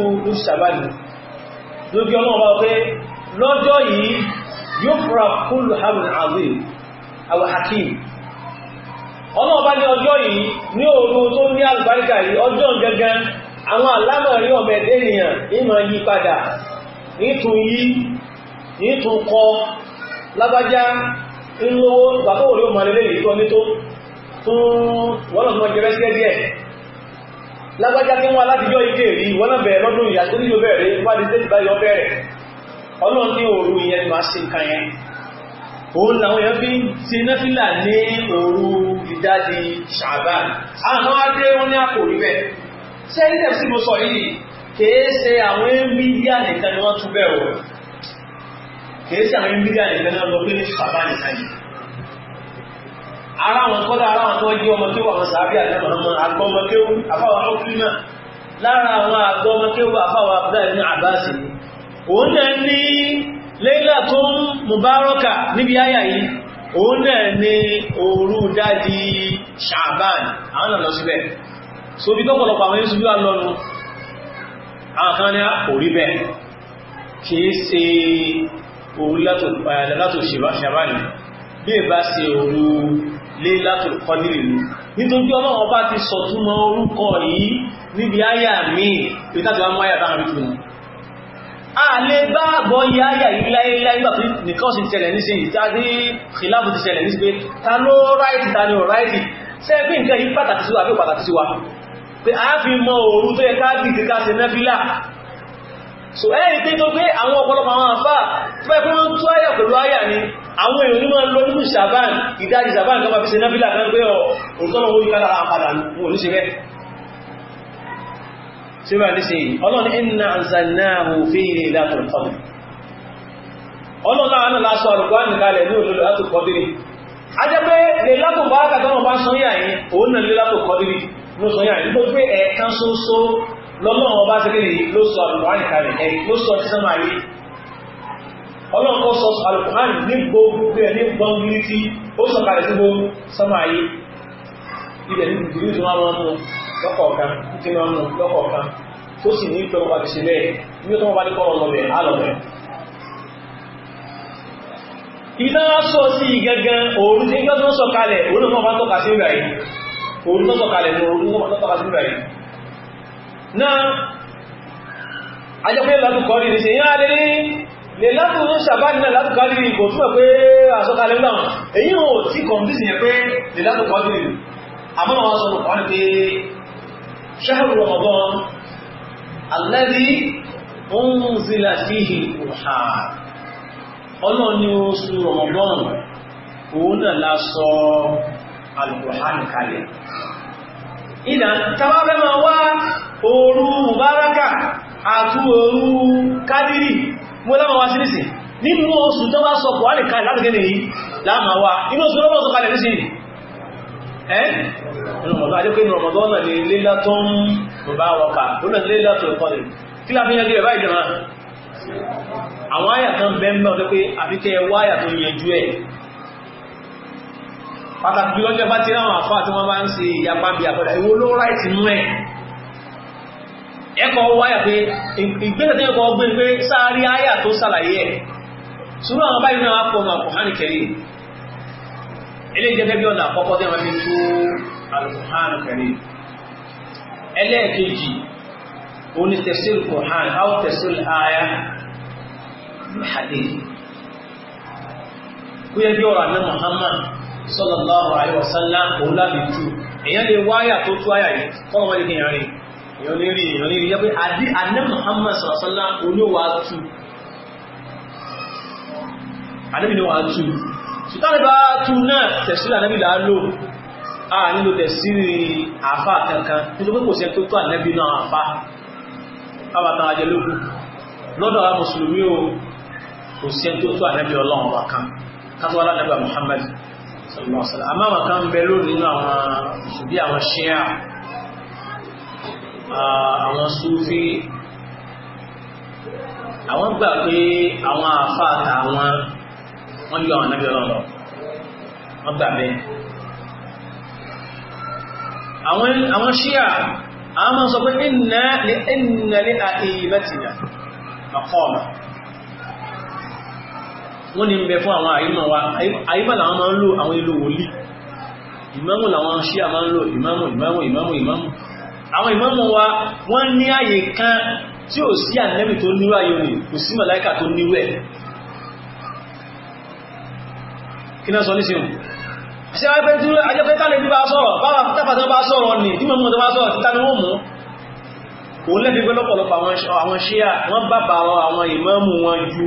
sàbá yìí lójú ọlọ́run bá pé lọ́jọ́ yìí yóò fura kúlù hamlin azim alhakim ọlọ́run bá ní ọjọ́ yìí ní òru tó ní àlùbáríkà yìí ọjọ́ gẹ́gẹ́ àwọn alámọ̀rí ọmọ ẹ̀dẹ́ ènìyàn ìmọ̀ yí padà nítun yí nítun kọ lábájá ńlówó gbàtọ́wò ló mọ̀ lélẹ́yìí tó ní tó fún wọ́n lọ́sọ̀mọ́ jẹ́rẹ́sẹ́ díẹ̀ lágbájá tí wọ́n aládìjọ́ ike rí wọ́n náà bẹ̀rẹ̀ lọ́dún ìyà tó nílò bẹ̀rẹ̀ wádìí tẹ́tì báyọ̀ bẹ̀rẹ̀ ọlọ́run ní òru ìyẹn ni máa ṣe nǹkan yẹn òun làwọn èèyàn fi ń ṣe náfìlà ní òru ìdájí ṣàbán àwọn adé wọn ní àpò rí bẹ́ẹ̀ ṣé ní tẹ̀sí mo sọ yìí kìí ṣe àwọn mídíà nìkan ni wọ́n tún bẹ̀rù kìí ṣe àwọn mídíà nìkan ni wọ́n lọ pé ní ṣàbán nìkan yìí ara wọn kọ́dá ara wọn tó jẹ́ ọmọ kéwà wọn sàábí àjẹ́mọ̀ ọmọ agbọ́mọkéwù àfáwà ọkùnrin lára àwọn agbọ́mọkéwù àfáwà abdullahi ní àbáṣì òun náà ní lẹ́lá tó ń mubaraka níbi ayà yìí òun náà ní òru dádi ṣàbán àwọn ọ̀nà síbẹ̀ so bí tọ́pọ̀lọpọ̀ àwọn yóò ṣubú àlọ́nu àwọn kan ní orí bẹ́ẹ̀ kìí ṣe òru látò ṣàbán eh, bí ìbá ṣe òru Laylatul Qadr ni nítorí ọlọ́run bá ti sọ̀túnmọ̀ orúkọ yìí níbi àyà mi, pé tábí wọn mú àyà bá rí tún a lè bá àbọ̀ yí àyà yìí láyéláyé nígbà tó nìkan sì tẹ̀lẹ̀ ní sèyí tí a rí kìláàbù ti tẹ̀lẹ̀ ní sí pé ta ló ráìtì ta ni ò ráìtì sẹ́ẹ̀bí nǹkan yìí pàtàkì sí wa pé pàtàkì sí wa pé a fi mọ òru tó yẹ ká dìde ká ṣe nẹ́fílà so ẹ̀rì pé tó gbé àwọn ọ̀pọ̀lọpọ̀ àwọn àfá tó bá ìpínlẹ̀ tó àyà pẹ̀lú àyà ni àwọn èèyàn ní máa ń lọ nínú ṣàbán ìdájí ṣàbán tó bá fi ṣe náfílà kan pé ọ̀tọ́nà owó ìkára àpàdà wọn ní ṣe rẹ̀ ṣe bá ní ṣe ọlọ́run inna anzalnahu fi lailatul qadr ọlọ́run láàánà lásọ àrùkwáàni kalẹ̀ ní òlòlò láti kọdírì a jẹ́ pé lè látò lọ́lọ́run ọba ṣe kéde ló sọ àlùkùránì kalẹ̀ ẹ̀ ló sọ ti sánmà yìí ọlọ́run kọ́ sọ àlùkùránì ní gbogbo ẹ̀ ní gbọ́ngílí tí ó sọ kalẹ̀ sí gbogbo sánmà yìí ibẹ̀ ní ìdílé tí wọ́n mú lọ́kọ̀ọ̀kan tí wọ́n mú lọ́kọ̀ọ̀kan tó sì ní pẹ́ ọba ti ṣe bẹ́ẹ̀ ní ó tọ́ ọba ní kọ́ ọlọ́bẹ̀ alọ́bẹ̀ iná sọ sí gẹ́gẹ́ òru tí ń gbọ́dọ̀ sọ kalẹ̀ òru náà bá tọ́ka sí ìgbà yìí òru náà sọ kalẹ̀ ní òru náà bá tọ́ka sí ìgbà yìí náà ajẹ́pẹ́ látùkọ́ rí ní ṣe yán alẹ́ ní lè látù ní ṣàbáàdì náà látùkọ́ rí ìbò túnmọ̀ pé àṣọ́kalẹ̀ náà èyí ò tí kọ̀mdísì yẹn pé lè látùkọ́ rí àmọ́ wọn sọ nǹkan pé ṣáàrù Ramadan alladhi ìdá tàbábẹ́ ma wá òru mubaraka àtú òru kádìrì mọ́lámọ̀ wá sí nìsìn nínú oṣù tó bá sọ kòwàlì kalẹ̀ láti gẹ́nà yìí láàmà wá inú oṣù lọ́pọ̀ sọ kalẹ̀ nìsìn ẹ́ ìrọ̀mọ̀dọ́ adékò ìrọ̀mọ̀dọ́ náà ni lélá tó ń bá wọ́pá ó náà lélá tó ń kọ́lẹ̀ kí pàtàkì jùlọ jẹ́ bá ti ráwọn àfáà tí wọ́n bá ń ṣe ìyapa bí àpẹẹrẹ ìwò ló ráìtì mú ẹ̀ ẹ̀kọ́ wáyà pé ìgbésẹ̀ tí ẹ̀kọ́ gbé pé sáárí áyà tó sàlàyé ẹ̀ ṣùgbọ́n àwọn báyìí náà pọ̀ máa kùhánì kẹrì eléyìí bí ọ̀nà àkọ́kọ́ tí wọ́n fi tú ẹlẹ́ẹ̀kejì tẹ̀síl áwọ̀ tẹ̀síl hadith kúyẹ́ bí ọ̀rọ̀ Muhammad sallallahu alaihi wasallam òun láti tú èyàn lè wáyà tó tú àyà yìí fọ́nà wọ́n lè kéèyàn rí èyàn lè rí èyàn lè rí yẹ́ pé àdí àná Muhammad sallallahu oníwà tú ànábì ni wà tú ṣùtàlẹ̀ bá tú náà tẹ̀sílì ànábì là á lò á nílò tẹ̀sílì àfà kankan nítorí pé kò sí tó tó ànábì náà àfà kan kátó wà lánàbì àmáwọn kan bẹ lónìí nínú àwọn bí àwọn ṣíà àwọn súfí àwọn gbà pé àwọn àfáàtà àwọn wọ́n yọ àwọn anábìọ́lọ́ lọ wọ́n gbà bẹ́ẹ̀ àwọn ṣíà àwọn máa sọ pé ìnà ní àìyí mẹ́tìyà maqama wọ́n ní ń bẹ fún àwọn àyímọ̀ wa àyímọ̀ làwọn máa ń lò àwọn ilò wòlíì ìmámù làwọn ṣíà máa ń lò ìmámù ìmámù ìmámù ìmámù àwọn ìmámù wa wọ́n ní àyè kan tí ò sí ànẹ́bì tó nírú ayò nì kò sí màláìkà tó nírú ẹ̀ kí náà sọ ní síun ṣe wáyé pé tí ajẹ́fẹ́ tàbí bí bá sọ̀rọ̀ báwa tápàtà bá sọ̀rọ̀ nì tí mọ̀mọ́ tó bá sọ̀rọ̀ títà ní wọ́n mú òun lẹ́bi pé àwọn ṣíà wọ́n bàbà àwọn ìmámù wọn ju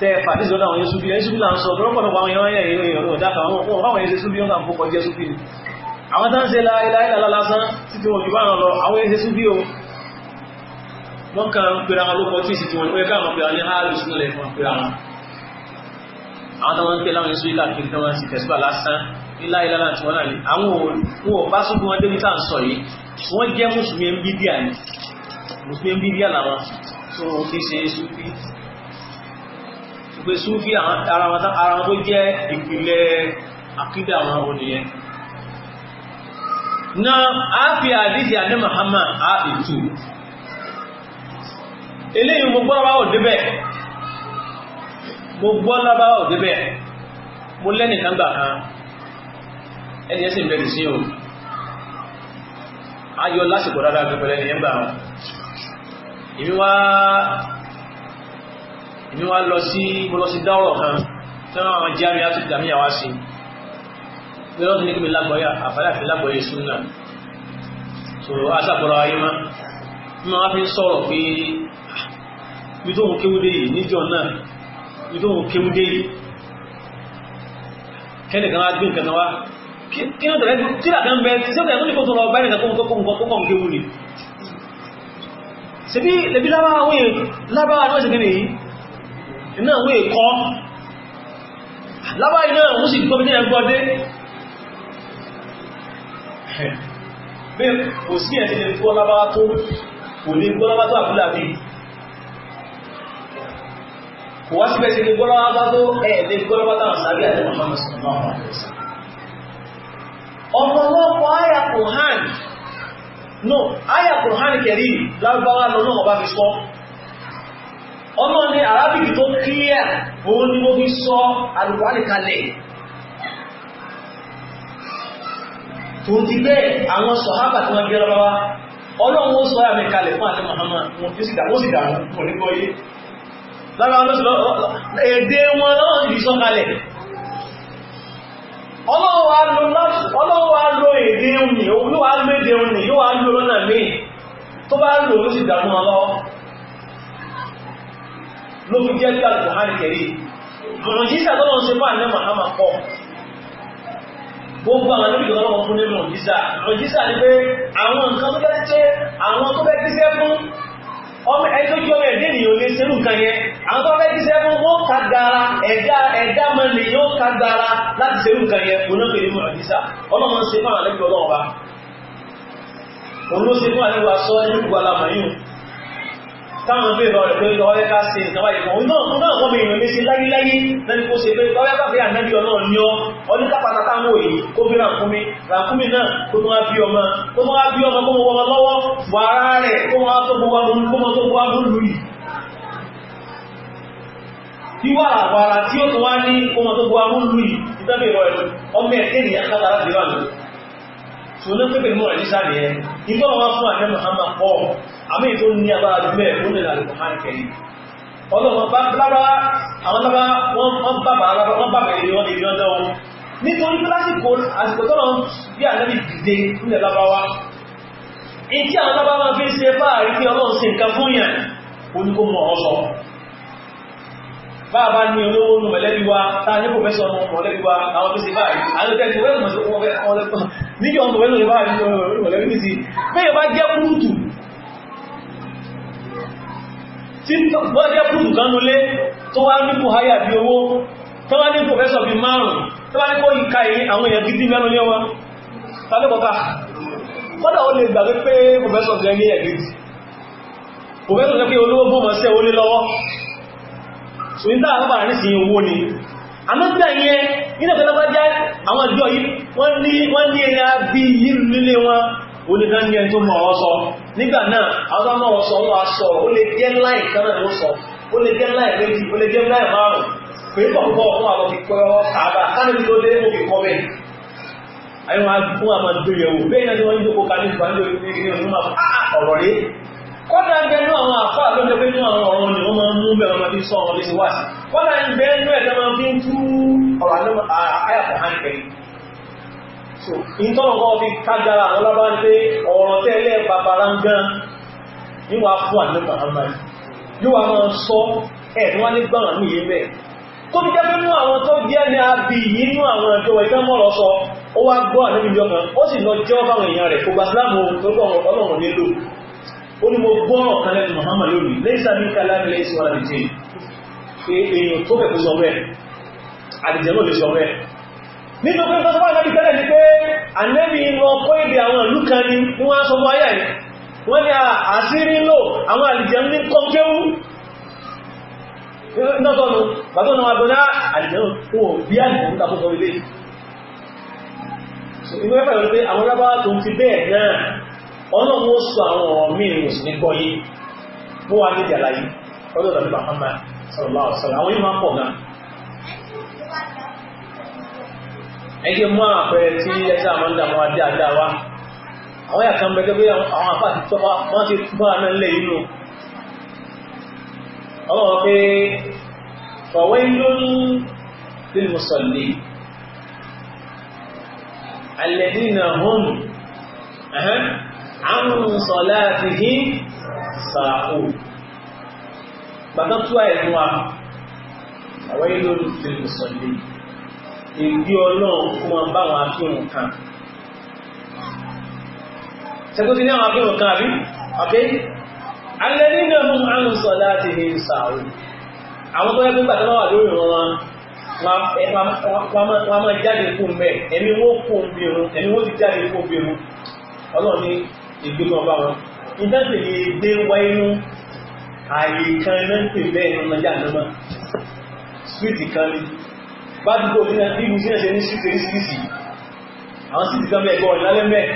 tẹ fàdíjọ náà àwọn yẹsùbí yẹsùbí là ń sọ lọ́pọ̀lọpọ̀ àwọn èèyàn yẹn ìròyìn ọ̀rọ̀ dákà àwọn ọkọ̀ àwọn yẹsùbí wọn kò kọjẹ́ súbí ni àwọn tán ṣe láìláìlá lásán títí wọn jù bá lọ àwọn yẹsùbí o wọ́n kàn ń pèrà wọn ló kọjú ìsìtì wọn pé káàmù pèrà ní ààrùn ìsúnlẹ̀ fún pèrà wọn àwọn tán wọ́n ń pè láwọn yẹsùbí káàkiri tán wọ́n sì tẹ̀síwà lásán nílá ìlànà tí wọ́n náà ní àwọn òun ò bá súnmọ́ wọn débi tá à ń sọ yìí wọ́n jẹ́ mùsùlùmí ń bídíà ni mùsùlùmí ń bídíà làwọn tó ń kí ṣe é súnmí pé súfí ara wọn tó jẹ́ ìpìlẹ̀ àkídà àwọn olùyẹn na a fi àdíjì àní Muhammad a ìtù eléyìn gbogbo ọba òdébẹ̀ gbogbo ọlọ́ba òdébẹ̀ mo lẹ́nìkan gbà kan ẹni ẹsẹ̀ mẹ́rin sí o ayọ̀ lásìkò dáadáa pẹ̀lú ẹni ẹgbà wọn èmi wá èmi wá lọ sí mo lọ sí dáwọ̀ kan tí wọ́n àwọn járe á tún dàmí àwá sí i lọ́dún ní kí mi lágbọ́yà àfàdà fi lágbọ́yà súnà so aṣàkọrọ̀ ayé má mi máa fi ń sọ̀rọ̀ pé mi ah, tó ń kéwúdé yìí níjọ náà mi tó ń kéwúdé yìí kẹ́nìkan á gbé nǹkan kan wá kí ló tẹ̀lé tí làkàn bẹ tí ó tẹ̀lé tó ní lọ bá ẹnìkan kó nǹkan kó kàn kéwú ni ṣebí lábára àwọn èèyàn lábára wọ́n ṣe kéde yìí iná àwọn èkọ́ lábá iná òun sì gbọ́bí ní ẹgbọ́dé kò sí ẹ̀sẹ̀ lè fún ọlábá tó kò lè gbọ́lábá tó àbúlà bí kò wá sí ẹ̀sẹ̀ lè gbọ́lábá tó ẹ̀ lè gbọ́lábá tó àṣàrí àti Muhammad sallallahu alaihi wasallam ọ̀pọ̀lọpọ̀ àyà Kùránì no àyà Kùránì kẹrí lárúbáwá lọ́nà ọba fi sọ ọmọ ní arábìkì tó clear òun ni mo fi sọ alùpàdé kalẹ̀ tòun ti bẹ́ẹ̀ àwọn sọ̀hábà tí wọ́n gẹ́rọ bá wá ọlọ́run ó sọ àmì kalẹ̀ fún àti mahama wọn tí ó sì dàmú sí dàmú kò ní gbọ́yé lára èdè wọn lọ́wọ́n ti sọ kalẹ̀ ọlọ́run wá lo èdè òun yóò wa lo èdè òun yóò wa lo lọ́nà míì tó bá lò ó sì dàmú ọlọ́wọ́ ló fi jẹ́ bí alùpùhánì kẹrí mọ̀nà jísà tó lọ́n ṣe bá ní mahama pọ̀ gbogbo àwọn olóògbé ọlọ́wọ́ fún nínú jísà mọ̀nà jísà ni pé àwọn nǹkan tó bẹ́ẹ̀ ṣe àwọn tó bẹ́ẹ̀ kíṣẹ́ fún ọmọ ẹjọ́ kí ọmọ ẹ̀dẹ́ nìyàn lè ṣerú nǹkan yẹn àwọn tó bẹ́ẹ̀ kíṣẹ́ fún wọ́n ká gara ẹ̀dá ẹ̀dá mọ nìyàn ká láti ṣerú nǹkan yẹn kò náà kéré mọ̀nà jísà ọlọ́wọ́n ṣe fún àwọn olóògbé ọlọ́wọ́ táwọn bí ìlọ rẹ̀ pé lọ́wọ́ ká ṣe ìtàwà ìfọ̀ òun náà wọ́n bèèrè ní sí láyíláyí lẹ́ni kó ṣe pé lọ́wọ́ ká fẹ́ ànábì ọlọ́run ní ọ ọdún kápátá táwọn èyí kó bí ràkúnmí ràkúnmí náà kó tó wá bí ọmọ kó tó wá bí ọmọ kó mọ wọn lọ́wọ́ wàrà rẹ̀ kó wọn tó gbogbo abúlú kó mọ tó gbogbo abúlú yìí wíwà wàrà tí ó tó wá ní kó mọ tó gbogbo abúlú yìí tí ó ní pépè mú àdísà rẹ̀ nígbà wọn fún àjẹ́ Muhammad pọ̀ àmì tó ní agbára jù bẹ́ẹ̀ ó lè lálẹ́ Muhammad kẹrin ọlọ́wọ́n bá lábá àwọn lábá wọ́n bàbà alábá wọ́n bàbà èdè wọn èdè ọjọ́ wọn nítorí lásìkò àsìkò tọ́lọ bí àlẹ́bí dìde nílẹ̀ lábáwá èyí tí àwọn lábá máa fi ṣe báà rí ọlọ́run sí nǹkan fún yàn oníkó mọ̀ ọ́ sọ báàbá ní olówó nù mọ̀lẹ́bí wa tá a ní kò fẹ́sọ̀ ọmọ mọ̀lẹ́bí wa àwọn tó ṣe báyìí àwọn tẹ́ ti wẹ́lùmọ̀ sí wọ́n fẹ́ àwọn lẹ́kọ̀ọ́ níjọ́ ọmọ wẹ́lùmọ̀ sí báyìí mọ̀lẹ́bí ní ti bẹ́ẹ̀ bá jẹ́ kúrùtù tí wọ́n jẹ́ kúrùtù kan nulé tó wá ní kò háyà bí owó tó wá ní kò fẹ́sọ̀ bí márùn-ún tó tàbíkọ̀ká kọ́dà ó lè gbàgbé pé pòfẹ́sọ̀ jẹ́ ní ẹ̀gidi pòfẹ́sọ̀ jẹ́ pé olówó bó mọ̀ sí ẹ̀wọ́lé lọ́wọ́ so ní táwọn àpapàá ní sí owó ni àmọ́gbà yẹn nígbàtàlọ́gbà já àwọn ìjọ yìí wọ́n ní ẹ̀yà bí yìí nílé wọn oníkan ní ẹni tó mọ̀ ọ́ sọ nígbà náà àwọn ọmọ ọ̀sọ̀ wọn wá sọ ó lè jẹ́ láì kan náà ló sọ ó lè jẹ́ láì méjì ó lè jẹ́ láì márùn pé pọ̀pọ̀ fún àwọn fi pẹ́ ọ sàábà káàdì tó dé mo fi kọ́ bẹ́ẹ̀ àyẹ̀wò fún àwọn àjọyẹ̀wò bẹ́ẹ̀ náà ni wọ́n ń jókòó ká ní ìgbà ń lò ní ọ̀rọ̀ rẹ̀ kọ́nà gbẹ́nú àwọn àfà ló lé pé ní àwọn ọ̀rọ̀ ni wọ́n máa ń mú bẹ̀rẹ̀ máa fi sọ ọ̀rọ̀ léṣe wáṣì kọ́nà gbẹ́nú ẹ̀dá máa fi ń tú ọ̀rọ̀ àlọ́ àyàfọ̀ hànkẹ́rì so ìtọ́nà kan fi kájára àwọn lábá ń pé ọ̀rọ̀ tẹ́lẹ̀ babara ń gan níwà fún àlọ́ Muhammad yóò wá máa sọ ẹ̀ ní wọ́n ní gbọ́nà ní ìyé bẹ́ẹ̀ tó fi jẹ́ nínú àwọn tó jẹ́ ní abì yìí nínú àwọn ìjọba ìfẹ́ mọ́rọ̀ sọ ó wá gbọ́ àlébìjọ kan ó sì lọ jẹ́ báwọn èèyàn rẹ̀ kò gbà sílámù ọlọ́run nílò ó ní mo gbọ́ ọ̀kan lẹ́nu Muhammad lónìí lẹ́sà ní kálá ní lẹ́sì wà láti jẹ́ pé èèyàn tó kẹ̀kọ́ sọ bẹ́ẹ̀ àdìjẹ́lò lè sọ bẹ́ẹ̀ nínú pé tó sọ́wọ́ ìgbàdì tẹ́lẹ̀ ni pé ànẹ́bí lọ kọ́ èdè àwọn ìlú kan ni ní wọ́n sọ bọ́ ayà yìí wọ́n ní àṣírí lò àwọn àdìjẹ́ ní kọ́kéwú nọ́tọ̀nù bàtọ́nù agbọ́nà ah, àdìjẹ́ ò bí àdìjẹ́ ń ta tó sọ ilé ọlọ́run ó sọ àwọn ọ̀rọ̀ mìíràn òsì ní gbọ́ yìí bó wà ní ìdàláyé ọdún ọ̀dọ̀ Muhammad sallallahu alaihi wasallam àwọn yìí máa ń pọ̀ gan. ẹgbẹ́ mú àwọn àpẹẹrẹ tí ẹ̀sẹ̀ àwọn ọ̀dà wọn adé àdá wa àwọn yàtọ̀ ń bẹ́gẹ́ bí àwọn apá àti tọ́pa wọ́n ti bá àná lẹ̀ inú. ọlọ́run pé fọwọ́ inú lil musalli àwọn sọ̀lá ti hí sàáhù pàtàkì ẹ̀fún wa àwọn ilé olùfẹ́ ìsọ̀lẹ̀ ìgbé ọlọ́run fún wọn bá wọn akírun kan ṣẹkútí ní àwọn akírun kan àbí ọ̀kẹ́ alẹ́ nínú àwọn sọ̀lá ti hí sàáhù àwọn tó yẹ pé gbàtọ́ wà lórí wọn wọ́n ìgbékan bá wọn ìdájọ́ lè gbé wáyínú ààyè kan náà pè bẹ́ẹ̀ ní ọmọdé ànámà síwìtì kan ní bá dúpọ̀ ní ibi tí wọ́n ṣe ní síwìtì ní síwìtì àwọn síwìtì kan bẹ́ẹ̀ kọ́ ìlálẹ́ mẹ́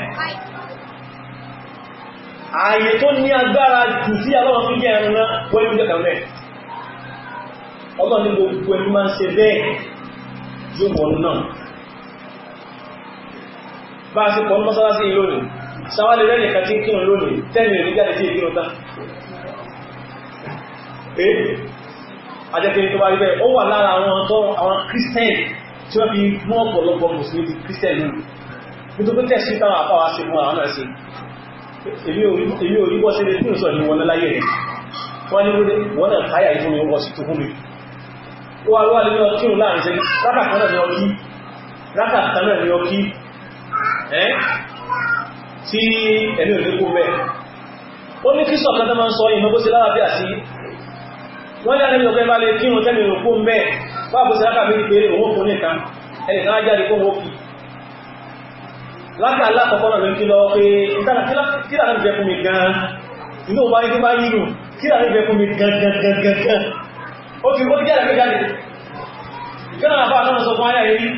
ààyè tó ní agbára jù sí aláwọn fún jẹ́ ẹran náà wọ́n ní ìjọba mẹ́ ọlọ́ni gbogbo ẹni máa ń ṣe bẹ́ẹ̀ yóò wọ̀n náà bá a ṣe pọ̀ ní mọ́sálásí ìlú rẹ̀ sáwálẹ̀ rẹ̀ nìkan tí kírun lónìí tẹ́mì rẹ̀ jáde tí ìkírun tán eh ajẹ́kẹ́ tó bá rí bẹ́ẹ̀ ó wà lára àwọn tó àwọn christian tí wọ́n fi mú ọ̀pọ̀lọpọ̀ mùsùlùmí ti christian náà nítorí tẹ́sí táwọn àfáwà sí fún àwọn náà sí èmi ò rí bọ́ sí ní sọ ìwọ̀n láyé rẹ̀ wọ́n ní wọ́n náà káyà ìfún ìwọ̀n sí tó fún mi ó wà lọ́wọ́ nínú tí ẹ̀mí òní kó bẹ́ẹ̀ ó ní kí sọ̀kan tó máa ń sọ yìí mọ́gbó sí lábàbíà sí wọ́n ní àdébí ọ̀pẹ́ bá lè kí wọn tẹ́lẹ̀ òkú ń bẹ́ẹ̀ wá bó sí lábàbí ní péré òun fún nìkan ẹnìkan ajáde kó wọ́n fi lákà alákọ̀ọ́kọ́ náà ló ń kí lọ pé kí lànà jẹ fún mi gan inú ọba ikú bá yìí nù kí lànà jẹ fún mi gan gan gan gan gan ó fi ó jẹ́ àgbẹ̀ jáde ìkẹ́nà àbá àtọ́nà sọ fún ayé yìí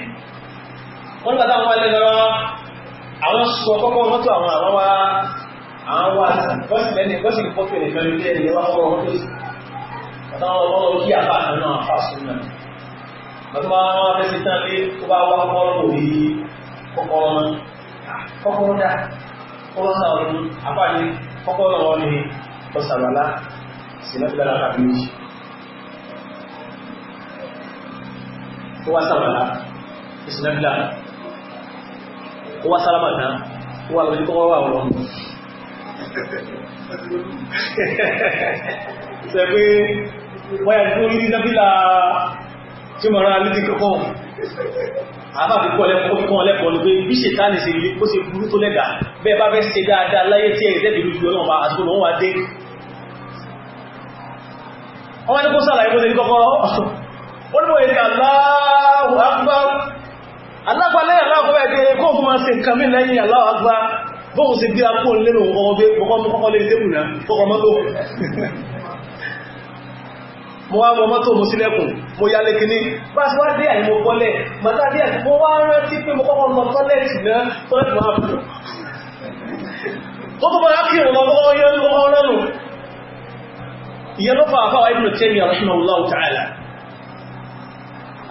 wọ́n ń tàtà àwọn ẹlẹ́gbẹ̀rẹ́ àwọn sọ kọ́kọ́ mọ́tò àwọn àwọn wá àwọn wá bọ́sì mẹ́ni bọ́sì pọ́tò ní mẹ́rin lé ẹni wá fọwọ́ mọ́tò sí bàtà wọn lọ́wọ́ kí àbá àná náà fà sún náà bàtà wọn wọn fẹ́ sí tán lé tó bá wá kọ́ lò ní kọ́kọ́rọ́ náà kọ́kọ́rọ́ dá kọ́kọ́rọ́ sáà ọdún àbá ní kọ́kọ́rọ́ wọn ó wá sálámà tán ó wà lójú kọ́kọ́ wà ọ̀rọ̀ nù ṣe pé wọ́n yà tó rí nábìlà tí mo rán alídì kọ́kọ́ àbáfi kọ́ lẹ́kọ̀ọ́ ló pé bí ṣètánì sí ilé ó sì burú tó lẹ́gà bẹ́ẹ̀ bá fẹ́ ṣe dáadáa láyé tí ẹ̀rẹ́ tẹ́bìlú jù ọlọ́run bá àti olóhun wá dé ọmọdé kó sàlàyé bó ṣe ní kọ́kọ́ ó ní mo yẹ alágbàlẹ́ aláàkọ́ ẹ̀dẹ́ kó fún ma ṣe nǹkan mí lẹ́yìn Allahu Akbar bóhùn sí bí a kó nínú ọmọbé kọ́kọ́ lè tébù náà kọ́kọ́ mọ́tò mo wá mọ́ mọ́tò mo sílẹ̀kùn mo yá lékiní bá sí wá dé àìmọ̀ bọ́lẹ̀ màtá díẹ̀ mo wá rántí pé mo kọ́kọ́ lọ tọ́lẹ̀tì náà tọ́lẹ̀tì máa bù ó tó bọ́lá kí ìrìnlọ kọ́kọ́ yẹn kọ́kọ́ rẹ́nu ìyẹn ló fa àfáwà ibùdó tẹ́mi àrùn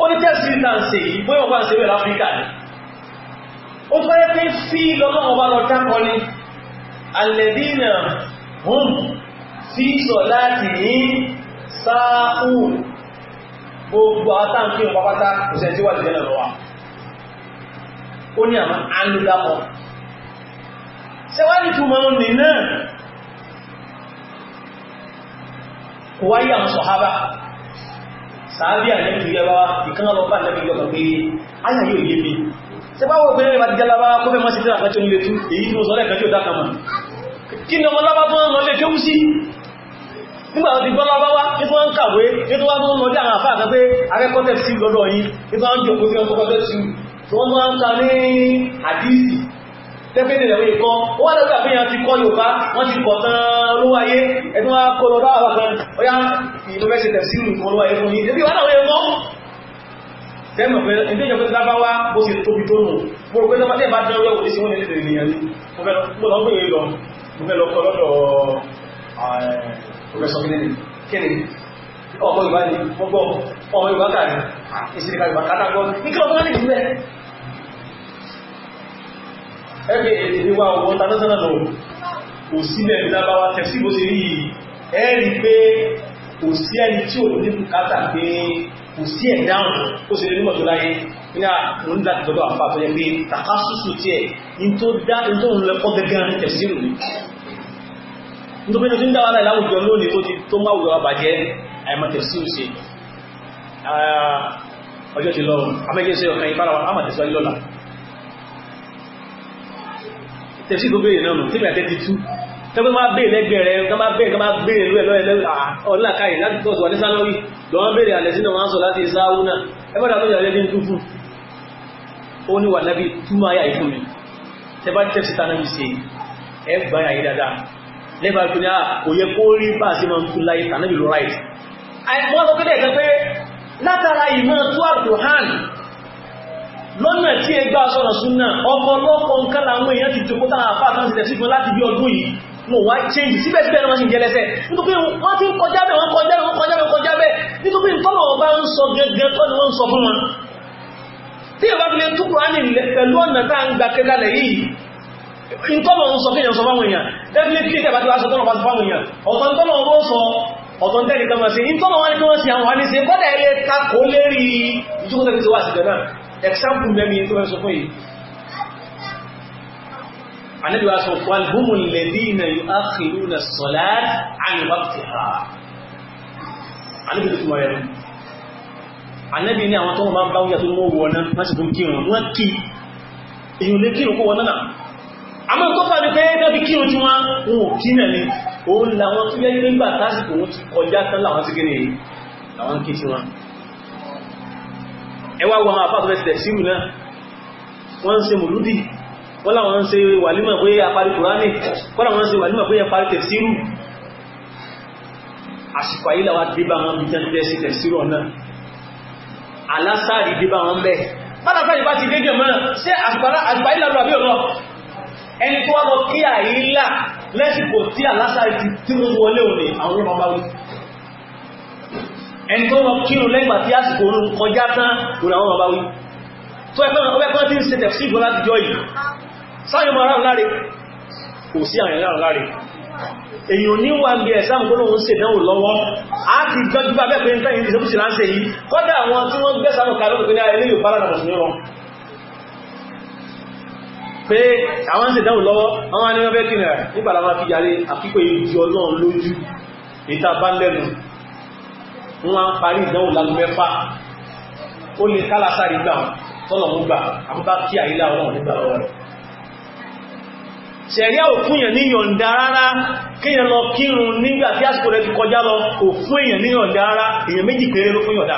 ó ní tẹ́sí ní tàǹsì yìí bóyá ọba ń ṣe bẹ̀rẹ̀ áfíríkà ni ó fẹ́ pé fí lọ́lọ́wọ́ bá lọ dákọ ni alẹ́dínà hùn sí sọ láti ní sáàkù gbogbo àtàǹkì ìpapátá kò sẹ́ tí wà lè lọ́wọ́ ó ní àwọn alúdápọ̀ sẹ́wàá nìtúmọ̀ ní náà kò wáyé àwọn sọ̀hábà sàábí àlẹ́bí yẹba ìkan lọ bá àlẹ́bí yọba pé ayà yóò yé mi ṣe bá wọ́n pé ẹ̀rẹ́ bá ti jalaba kó fẹ́ mọ́ sí tíra kẹtí onílé tú èyí tí ó sọ lẹ́ẹ̀kẹ́ tí ó dáka mọ̀ kí ni ọmọ lábá tó ń lọ lé kéwú sí nígbà tí gbọ́ lábá wá ní tó ń kàwé ní tó wá tó ń lọ dé àwọn àfáà kan ń jòkó tẹ́fẹ́lì rẹ̀ wíyẹ kan ó wá lọ́gbà fíyàn ti kọ́ Yorùbá wọ́n ti kọ̀ tán olówó ayé ẹ̀tún wá kó lọ bá wà kan ó yá ìlúfẹ́sẹ̀ tẹ̀sílù fún olówó ayé fún yìí ẹbí wà náà wíyẹ kan tẹ́mọ̀ pé ẹjọ́ ìjọba tí lábá wá bó ṣe tóbi tó nù mo rò pé lọ́pàá tẹ́ bá dán wẹ́wò ní sí wọ́n nílẹ̀ ènìyàn ni mo fẹ́ lọ gbé lọ mo fẹ́ lọ kọ́ lọ́dọ̀ professor kennedy kennedy ọmọ Yorùbá ni mo gbọ́ ọmọ Yorùbá kàrí ìṣẹ̀lẹ̀ kàrí bàkátà gbọ́ ẹgbẹ́ ètì níwá owó tàbátánà lọ kò sílẹ̀ lábáwá tẹ̀sí bó ṣe rí ẹ̀rí pé kò sí ẹni tí ò ní bùkátà pé kò sí ẹ̀ dáhùn ó ṣe lè nímọ̀ tó láyé ní àwọn onídàá ti dọ́dọ̀ àfà tó yẹ pé tàkà súsù tí ẹ̀ ní tó dá ní tó ń lẹ́kọ́ gẹ́gẹ́ tẹ̀sí rù ní nítorí tó ń dá wàhálà láwùjọ lónìí tó ti tó máwùjọ àbàjẹ́ àìmọ̀ tẹ̀sí rù ṣe ọjọ́ ti tẹ̀sí tó béèrè náà nù tí bẹ̀rẹ̀ tẹ́tí tú tẹ́gbẹ́ máa béèrè lẹ́gbẹ̀ẹ́ rẹ̀ kọ́ máa béèrè kọ́ máa béèrè lọ́ẹ̀ lọ́ẹ̀ ah, ọ̀làkàyè láti tọ́ ọ̀sọ̀ nísàlọ́wì lọ́wọ́ béèrè àlẹ́ sínú wọn sọ láti ìsáwú náà ẹgbẹ́ta tó yàrá ẹgbẹ́ tó fún ó ní wà lábí túmọ̀ ayà ìfún mi tẹ bá tẹ́ sí tánà mi ṣe ẹ gbà ayà yìí dáadáa lẹ́bà tó ní ah, kò yẹ kó rí bá a ṣe máa ń tún láyé tánà mi lọ ráì lọ́nà tí ẹ gbá sọ́rọ̀ súnà ọ̀pọ̀lọpọ̀ nǹkan làwọn èèyàn ti jòkó tàà àpá àtàwọn ìṣẹ̀lẹ̀ sí fún láti bí ọdún yìí mo wá change síbẹ̀síbẹ̀ ni wọ́n sì ń jẹlẹ́sẹ̀ nítorí wọ́n ti ń kọjá bẹ́ẹ̀ wọ́n kọjá bẹ́ẹ̀ wọ́n kọjá bẹ́ẹ̀ kọjá bẹ́ẹ̀ nítorí tọ́lọ̀ ọba ń sọ gẹ́gẹ́ tọ́ ni wọ́n ń sọ fún wọn tí ìwà fi lè tú kùránì pẹ̀lú ọ̀nà tá à ń gba kẹ́kálẹ̀ yìí ìtọ́lọ̀ ń sọ kí èèyàn sọ fáwọn èèyàn definitely tẹ̀ bá ti wá sọ tọ́lọ̀ bá sọ fáwọn èèyàn ọ̀tọ̀ tọ́lọ̀ ọba sọ ọ̀tọ̀ ń tẹ́lẹ̀ kan máa ṣe ìtọ́lọ̀ wọn ni kí wọ́n ṣe àwọn wá ní ṣe kọ́dà ẹ̀rẹ́ ká kó lérí ìjókòó ti wá sí jẹ náà example mẹ́mi tó wọ́n sọ fún yìí Ànábì wa sọ wal humul ladina yu'akhiruna as-salat 'an waqtiha Ànábì tó túnmọ̀ rẹ̀ Ànábì ní àwọn tó wọ́n bá ń bá oúnjẹ tó mọ́ wọ́n náà wọ́n sì tó kírun wọ́n kí èyàn lè kírun kó wọ́n náà àmọ́ tó fà ní pé dábí kírun tí wọ́n wọ́n kí náà ni òun làwọn tó yẹ́ nígbà tásìkò wọn ti kọjá tán láwọn sí kí ni àwọn kí tí wọ́n ẹwà wọn àfáàtọ̀lẹ́sẹ̀ sírù náà wọ́n ń ṣe mòlúdì wọ́n láwọn ń se wàlímọ̀ pé apari kùránì wọ́n láwọn ń ṣe wàlímọ̀ pé apari tẹ̀sírù àsìkò ayé làwọn débà wọn bí tẹ́lẹ̀ sí tẹ̀sírù ọ̀nà alásàárì débà wọn bẹ́ẹ̀ pátápá ìbá ti dégbè mọ́ ṣé àsìkò ayé làwọn àbí ọ̀nà ẹni tó wá lọ kí àyílà lẹ́sìkò tí alásàárì ti tí wọ́n wọlé òní àwọn ọmọ bá wí ẹni tó wọ́n kírun lẹ́gbà tí àsìkò orun kọjá tán òun àwọn ọba wí tó ẹgbẹ́ kan tí ń ṣe tẹ̀fsí ìgbọ́n láti jọ yìí sáyọmọ ara láre kò sí àwọn ẹ̀rọ láre èyàn ní wà bí ẹ̀sán gbọ́nà òun ṣe dánwò lọ́wọ́ a ti gbọ́gbà bẹ́ẹ̀ pé ń tẹ́yìn ìṣẹ́kù sí láńṣẹ́ yìí kọ́dà àwọn tí wọ́n gbé sánù kalẹ́ òkè ní ayẹlẹ́ yóò bára nàbọ̀ sínú wọn pé àwọn ṣe dánwò lọ́wọ́ àwọn aníwọ́bẹ́ kìnnà nígbàláwà fi yàrí àfikò ìjọ wọ́n á parí ìdánwò lágún mẹ́fà ó lè kálásárì gbà tọ́nà mú gbà àbúbá kí àyílá ọlọ́run nígbà lọ́wọ́ rẹ̀ ṣẹ̀ríà ò fún èèyàn ní yọ̀ǹda rárá kéèyàn lọ kírun nígbà tí àsìkò rẹ̀ ti kọjá lọ kò fún èèyàn ní yọ̀ǹda rárá èèyàn méjì péré ló fún yọ̀ǹda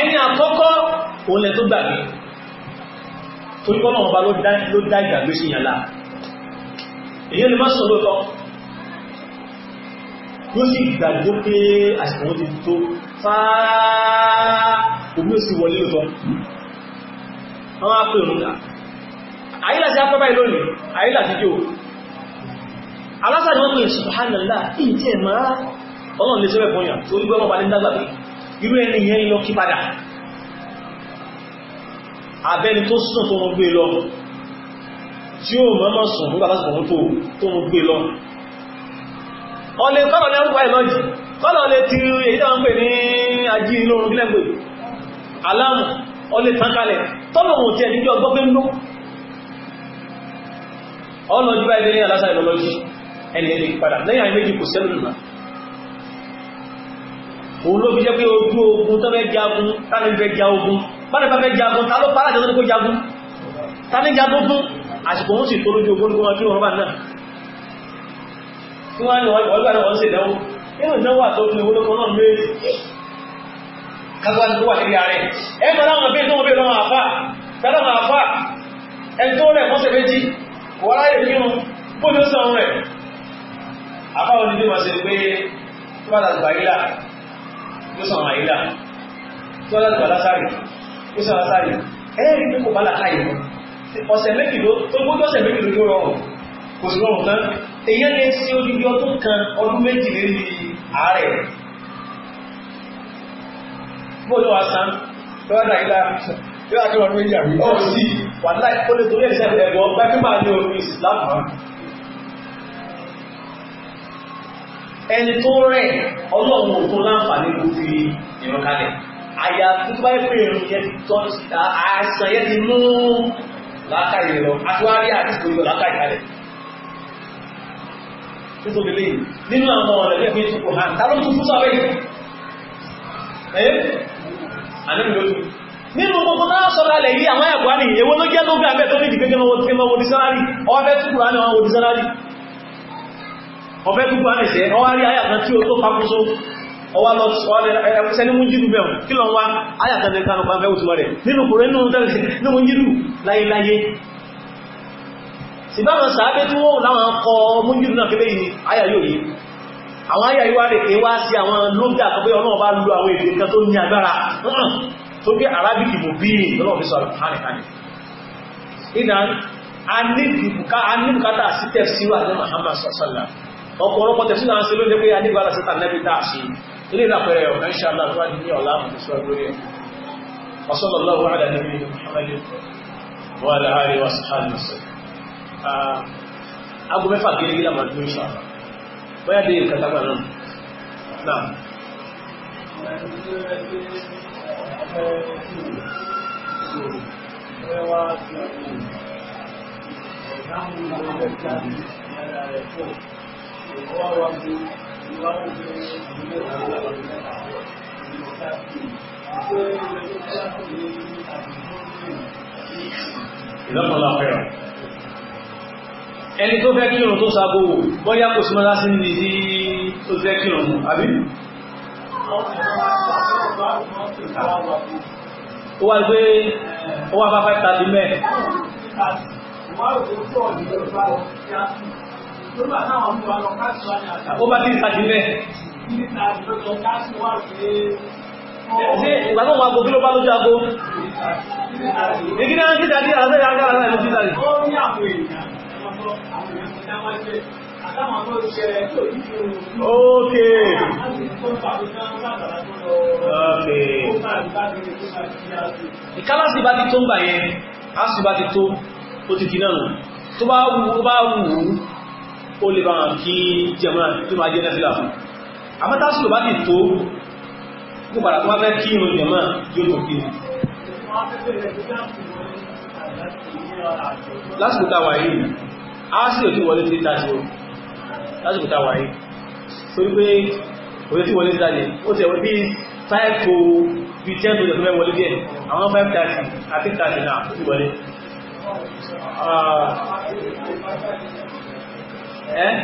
ẹni àkọ́kọ́ òun lẹ tó gbàgbé torí kọ́nà ọba ló dá ìgbàgbé sí yànlá èyí lè má sọ lóòtọ́ yóò sì gbàgbé pé àsìkò ti tó fáá omi ò sì wọlé lótọ́ wọ́n á pè òun àyílà sí apọ́ báyìí lónìí àyílà sí jò alásà ni wọ́n pè subhanallah ìyí tí ẹ̀ máa ọlọ́run lè sẹ́bẹ̀ fọ́nyà tó ní gbọ́mọ̀ bá ní dágbàgbé irú ẹni yẹn ọlẹ́ kọ́lọ̀ ní ọdún ẹ̀lọ́jì kọ́lọ̀ lè ti èyí tàwọn pè ní ají lórun gílẹ̀gbè aláàmù ọlẹ́ tankalẹ̀ tọ́lọ̀ òun ti ẹni jọ gbọ́gbẹ́ ń lọ ọlọ́jú báyìí ní alásà ìlọ́lọ́jì ẹni ẹni padà lẹ́yìn àyè méjì kò sẹ́lù nù òun ló fi jẹ́ pé ojú ogun tó fẹ́ jagun tani fẹ́ jagun báni fẹ́ jagun ta ló para jẹ́ tó ní kó jagun tani jagun fún àsìkò òun sì tó lójú ogun ní kó máa fi òun bá náà tí wọ́n ní wọ́n gbà náà wọ́n ṣe ìdánwò nínú ìdánwò àtọ́kùn ìwé lóko náà méjì kágbájú tó wà nílé ààrẹ ẹ gbọ́dọ̀ àwọn bẹ́ẹ̀ náà bẹ́ẹ̀ lọ́wọ́ àfà tẹ́lẹ̀ àwọn àfà ẹni tó rẹ̀ mọ́sẹ̀ méjì wọ́n ráyè kírun bó ló sàn rẹ̀ àfà wọn nílé wọn ṣe pé tó bá dàgbà yìí là ló sàn wà yìí là tó bá dàgbà lásàrì ló sàn lásàrì ẹ̀ẹ́rì pé kò bá làkàyè ọ̀sẹ̀ méjì ló tó gbọ́dọ̀ ọ̀sẹ̀ méjì ló rọrùn kò sí rọrùn tán èyàn lè sí ojúbí ọdún kan ọdún méjì lè ní ààrẹ bóòlù àsán lọ́wọ́dà ìlà yóò àti ọdún méjì àrí ọ̀ sí wà láì ó lè torí ẹ̀sẹ̀ ẹ̀gbọ́ gbẹ́gbẹ́mà ní orí ìsìláàmù ẹni tó rẹ̀ ọlọ́run òkun láǹfààní ló fi ìrun kalẹ̀ àyà pípa ẹgbẹ́ ìrun yẹn ti tọ́ àìsàn yẹn ti mú lákàyè lọ àtiwárí àti ìgbòho lákàyè kalẹ̀ nítorí lè nínú àwọn ọ̀rẹ́ lẹ́gbẹ́ tó kò hàn tàbí tó fún sọ́rẹ́ ẹ́ ànílòdù nínú gbogbo náà sọ́rọ̀ alẹ̀ yìí àwọn ẹ̀kọ́ ní èwo ló jẹ́ tó gbà bẹ́ẹ̀ tó ní ìgbẹ́gbẹ́ ọwá lọ ṣe ní mújìdù bẹ̀rùn kí lọ wá ayàtàdẹ̀kanù pàfẹ́ òtùmọ̀ rẹ̀ nínú kòrò nínú tẹ́lẹ̀ sí ní mújìdù láyéláyé ìbáwọn sàábé tí wọ́n láwọn kọ mújúdù náà kébé yìí ayàyò yìí àwọn ayàyò wá rèké wá sí àwọn lóńgà tó pé ọlọ́run bá lu àwọn èdè kan tó ní agbára tó gbé arabic bò bíi lọ́wọ́ Muhammad sọ̀sọ̀lá ọ̀pọ̀lọpọ̀ tẹ̀síwò àwọn sílẹ̀ ní pé aníbùkátà sí tànẹ́bí tá a ṣe ilé ìdàpẹ̀rẹ̀ ọ̀kan ṣe aláàbò wájú ní ọ̀la àmọ̀tẹ́sọ̀ وعلى اله وصحبه وسلم Ah, aago mẹ́fà gẹ́gẹ́ la máa dún ṣọ́ bóyá dé nǹkan tábà náà náà Ìlọ́pọ̀lọpọ̀ ẹ̀rọ ẹni tó fẹ́ kírun tó sàbò bọ́yá kò símọ́lá sí ní tí tó fẹ́ kírun mú àbí ó wá gbé ó wá fáfá tàbí mẹ́ ó bá tí tàbí mẹ́ ṣe ìgbàgbọ́ wọn agbó ló bá lójú agbó ìgbìyànjú tàbí àwọn ẹgbẹ́ agbára láìlú títàrí Okay. Okay. Ìkálásì bá ti tó ń gbà yẹn, áṣì bá ti tó, ó ti di náà. Tó bá wù ú, ó lè bá wọn kí jẹmọ́ra tó máa jẹ́ nẹ́sílà fún. Àmọ́tásùlò bá ti tó, kó padà tó wá fẹ́ kí irun jẹmọ́ yóò tó kí lásìkò táwà yìí áásì ò tí wọlé tí tàṣí o lásìkò tàwà yìí So wípé òye tí wọlé tàṣí ó tẹ̀ wọ́n bí 5 to bí 10 to the government wọlé díẹ̀ àwọn 5 tàṣí àti tàṣí náà ó ti wọlé ẹ́ ah. eh?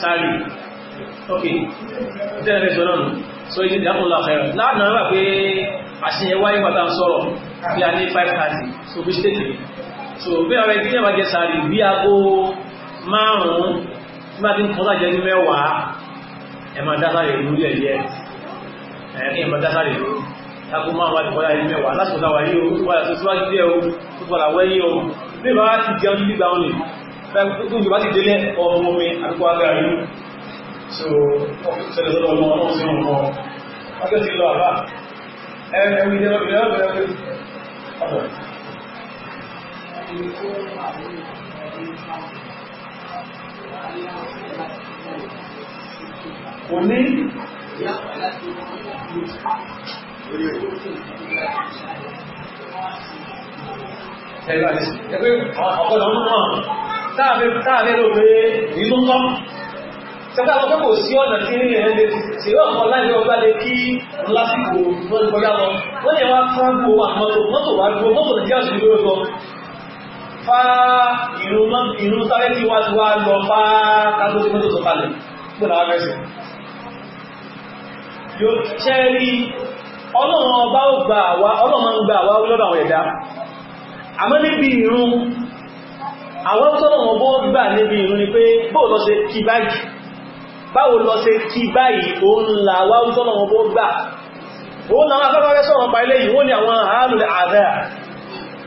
sáré ok tẹ́lẹ̀ fẹ́ sọ náà nù so ìdí ìdákùnlá fẹ́ràn láàrín náà wà pé àṣìyẹwáyé pàtàkì sọ̀rọ̀ bí a ní 5 tàṣí so bí stéèkì so bí àwọn ẹgbẹ́ tí wọ́n bá jẹ sàárì bí aago márùn-ún tí wọ́n ti ń kọ́lá jẹ́ ní mẹ́wàá ẹ máa dá sáré lórí ẹ̀yẹ ẹ máa dá sáré lórí aago márùn-ún àti kọ́lá jẹ́ mẹ́wàá lásìkò táwa yìí o wọ́n yàtọ̀ síwájú díẹ̀ o tó padà wẹ́yìn o bí ìbá ti jẹun gbígbà wọn ni fún ìjọba ti délé ọmọ mi àdúgbò agbára yìí so ṣẹlẹ̀ sọ́dọ̀ ọmọ ọmọ sí ọmọ ọjọ́ ti lọ àbá ẹ ẹ wí dẹ́rọ̀bì dẹ́rọ̀bì dẹ́rọ̀bì ọ̀dọ̀ kò ní ẹgbẹ́ ẹgbẹ́ ọ̀pọ̀lọpọ̀ náà táàfẹ́ ló pé nínú kọ́ sẹ́gbẹ́ àwọn kò sí ọ̀nà tí ní ẹ̀ẹ́dẹ́ tí ó ọ̀pọ̀ láti ọgbà lè kí lásìkò wọ́n kọjá lọ wọ́n yẹ wá fún àgbò àwọn mọ́tò mọ́tò wá gbọ́ mọ́tò nàìjíríà sí lórí Fa ìrún mọ́ ìrún sáré tí wá ti wá lọ fá kátó tí mọ́tò sọ̀kalẹ̀ fún àwọn ẹ̀sìn yóò ṣẹ́ rí ọlọ́run ọba ó gba àwa ọlọ́run ń gba àwa lọ́dọ̀ àwọn ẹ̀dá àmọ́ níbi ìrún àwọn tọ́lọ̀wọ̀n bó gbà níbi ìrún ni pé bóò lọ ṣe kí báyìí báwo lọ ṣe kí báyìí ó ń la wá tọ́lọ̀wọ̀n bó gbà ó náà afẹ́fẹ́ sọ̀rọ̀ pa ilé yìí wọ́n ni àwọn àálùlẹ̀ àdáà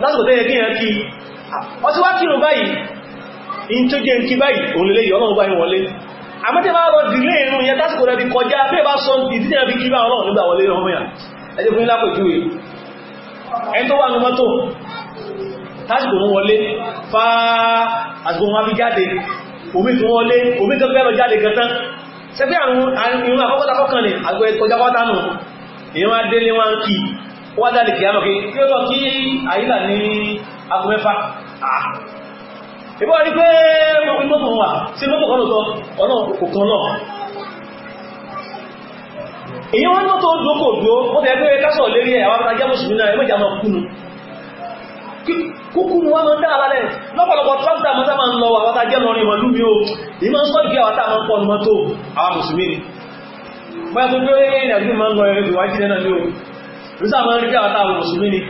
lásìkò tẹ́yẹ ah, kí yẹn kí ọ ti wá kírun báyìí in tó jẹ́ kí báyìí òun lè yọ ọlọ́run báyìí wọlé àmọ́tẹ́ bá rọ dìlé inú yẹn lásìkò rẹ̀ bí kọjá bẹ́ẹ̀ bá sọ ìdíjẹ́ bí kí bá ọlọ́run nígbà wọlé ọmọ yà ẹjẹ́ fún ilá pẹ̀jú ẹni tó wà ní mọ́tò tásìkò ń wọlé fa àsìkò wọn fi jáde omi tó wọlé omi tó fẹ́rọ jáde gẹ̀tán sẹ́gbẹ́ àrùn irun àkọ́kọ́ta kọ́kàn ni àgbẹ̀ kọjá kọ́tánù èèyàn wá délé wá ń kí wá dá lè kìí àmọ́ kí tí ó lọ kí àyílà ní aago mẹ́fà ah. ìbọn rí pé mọ́tò wà sí mọ́tò kan lóòótọ́ ọ̀nà òkan náà èyí wọ́n mọ́tò dókò dúó wọ́n tẹ́ pé kásọ̀ lérí ẹ̀ àwọn ajá mùsùlùmí náà ẹgbẹ́jà náà kúnu kúkú ni wọ́n máa ń dá ara rẹ̀ lọ́pọ̀lọpọ̀ trọ́pítà mọ́tà máa ń lọ àwọn ajá lọ rìn wọ̀lú mi ó èyí máa ń sọ́ ìgbé àwọn táwọn pọ̀ ní mọ́tò àwọn mùsùlùmí ni bóyá tó gbé ẹ̀yìn àdúgbò máa ń lọ ẹ̀rẹ́ ìwájú náà ní o lóṣà máa ń rí àwọn àwọn mùsùlùmí ni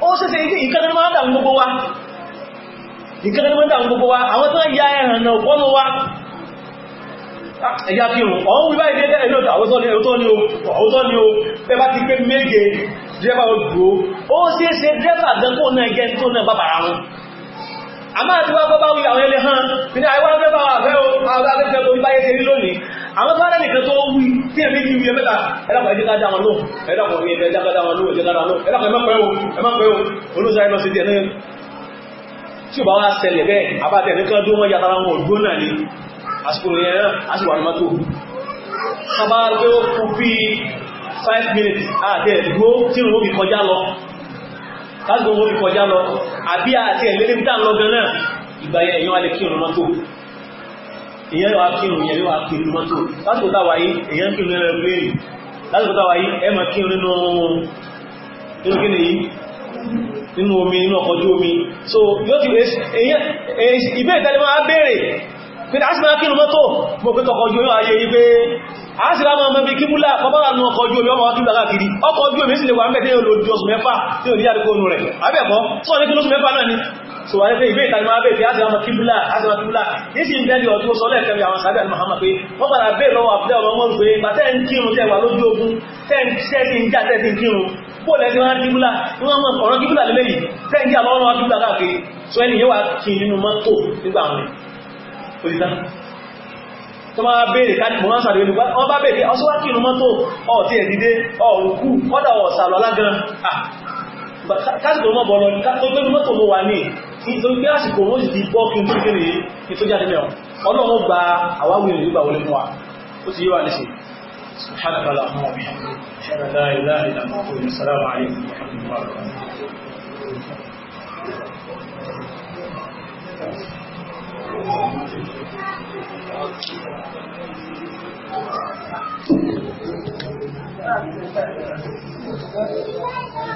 ó ṣẹṣẹ ikú ìkẹ́lẹ́ máa ń dàmú gbogbo wa ìkẹ́lẹ́ máa ń dàmú gbogbo wa àwọn tó ń ya ẹ̀ràn náà bọ́nú wa ẹ̀yà kí òun ọ̀hún wíwá ìdí ẹ̀dẹ́ ẹ̀lọ́dà àwọ́tọ́ ni ó pẹ́ bá ti pé méje dírẹ́bà ogbò ó sì ṣe dírẹ́bà àdẹ́kò náà gẹ́ tó náà bá bàrá wọn a máa ti wá gbọ́bá wí àwọn ẹlẹ́ hàn nínú àìwá dírẹ́bà àfẹ́ àwọn tó rẹ̀ nìkan tó wí tí ẹ̀mí ti wí ẹ̀mẹ́ta ẹ̀dàpọ̀ ẹ̀jẹ́ ká dáwọn lóò ẹ̀dàpọ̀ ní ẹ̀jẹ́ ká dáwọn lóò ẹ̀jẹ́ ká dáwọn lóò ẹ̀dàpọ̀ ẹ̀mẹ́pẹ́ o ẹ̀mẹ́pẹ́ o olóòsàn ẹ̀lọ́sí ti ẹ̀nẹ́ tí ó bá wá ṣẹlẹ̀ bẹ́ẹ̀ àbátẹ̀ nìkan dó wọ́n yàtara wọn ògbó náà ni àsìkò yẹn a sì wà ní mọ́tò sábà pé ó kú bí 5 minutes àti ẹ̀dùgbó tí ó fi kọjá lọ láti gbogbo fi kọjá lọ àbí àti ẹ̀lẹ́lẹ́mítà lọ gan náà ìgbà yẹn èèyàn alẹ́ kí òun ìyẹn yóò wá kírun ìyẹn yóò wá kírun mọ́tò lásìkò táwa yìí èyàn ń kírun ẹran pléèrè lásìkò táwa yìí ẹ máa kírun nínú nínú kí nìyí nínú omi nínú ọkọ̀ ojú omi so yóò ti ìbéèrè tẹ́lẹ̀ máa béèrè pé a sì máa kírun mọ́tò mo pé ọkọ̀ ojú omi ayé yìí pé a sì rá máa mọ́ bí kíbúlà kọbára nù ọkọ̀ ojú omi ọmọ ọdún lára kiri ọkọ̀ ojú omi sì lè wà mẹ́tẹ́ yóò lò ju oṣù mẹ́fà tí ò ní àdúgbò nù rẹ̀ abẹ́ẹ̀kọ́ sọ́ọ̀ ní kí lóṣù mẹ́fà náà so wà lẹ́gbẹ́ ìgbé ìtàgbà bẹ́ẹ̀ tí a ti wá kíbùlá àti wá kíbùlá ní sí ìbẹ́ni ọdún ó sọ lẹ́ẹ̀kẹ́rẹ́ àwọn sàbẹ̀ Muhammad pé wọ́n padà bẹ́ẹ̀ lọ́wọ́ àbúlé ọmọ ọmọ ìgbé ìgbà tẹ́ ń kírun tẹ́ wà lójú ogun tẹ́ ń ṣẹ́ sí ń já tẹ́ sí ń kírun bó lẹ́sí wọn kíbùlá wọ́n mọ̀ ọ̀rọ̀ kíbùlá lélẹ́ yìí tẹ́ ń já lọ́wọ́ wọn kíbùlá káàkiri so ẹni yóò wá kí nínú mọ́tò nígbà wọn òdìdá tó máa béèrè káàkiri mọ́ sàrẹ̀ olùgbà wọ́n bá béèrè ọsọ́ wá kí nínú mọ́tò ọ̀tí ẹ̀dìdé ọ̀rùkú kọ́dà ọ̀sàlọ́lá gan-an ah. kásìkò mọ́ bọ̀rọ̀ tó gbé mọ́tò mọ́ wà ní nítorí pé àsìkò wọ́n sì ti bọ́ kí n tó kéde ní tó jáde mẹ́wọ̀n ọlọ́run gba àwáwí rẹ̀ nígbà wọlé fún wa ó ti yé wa lẹ́sìn سبحانك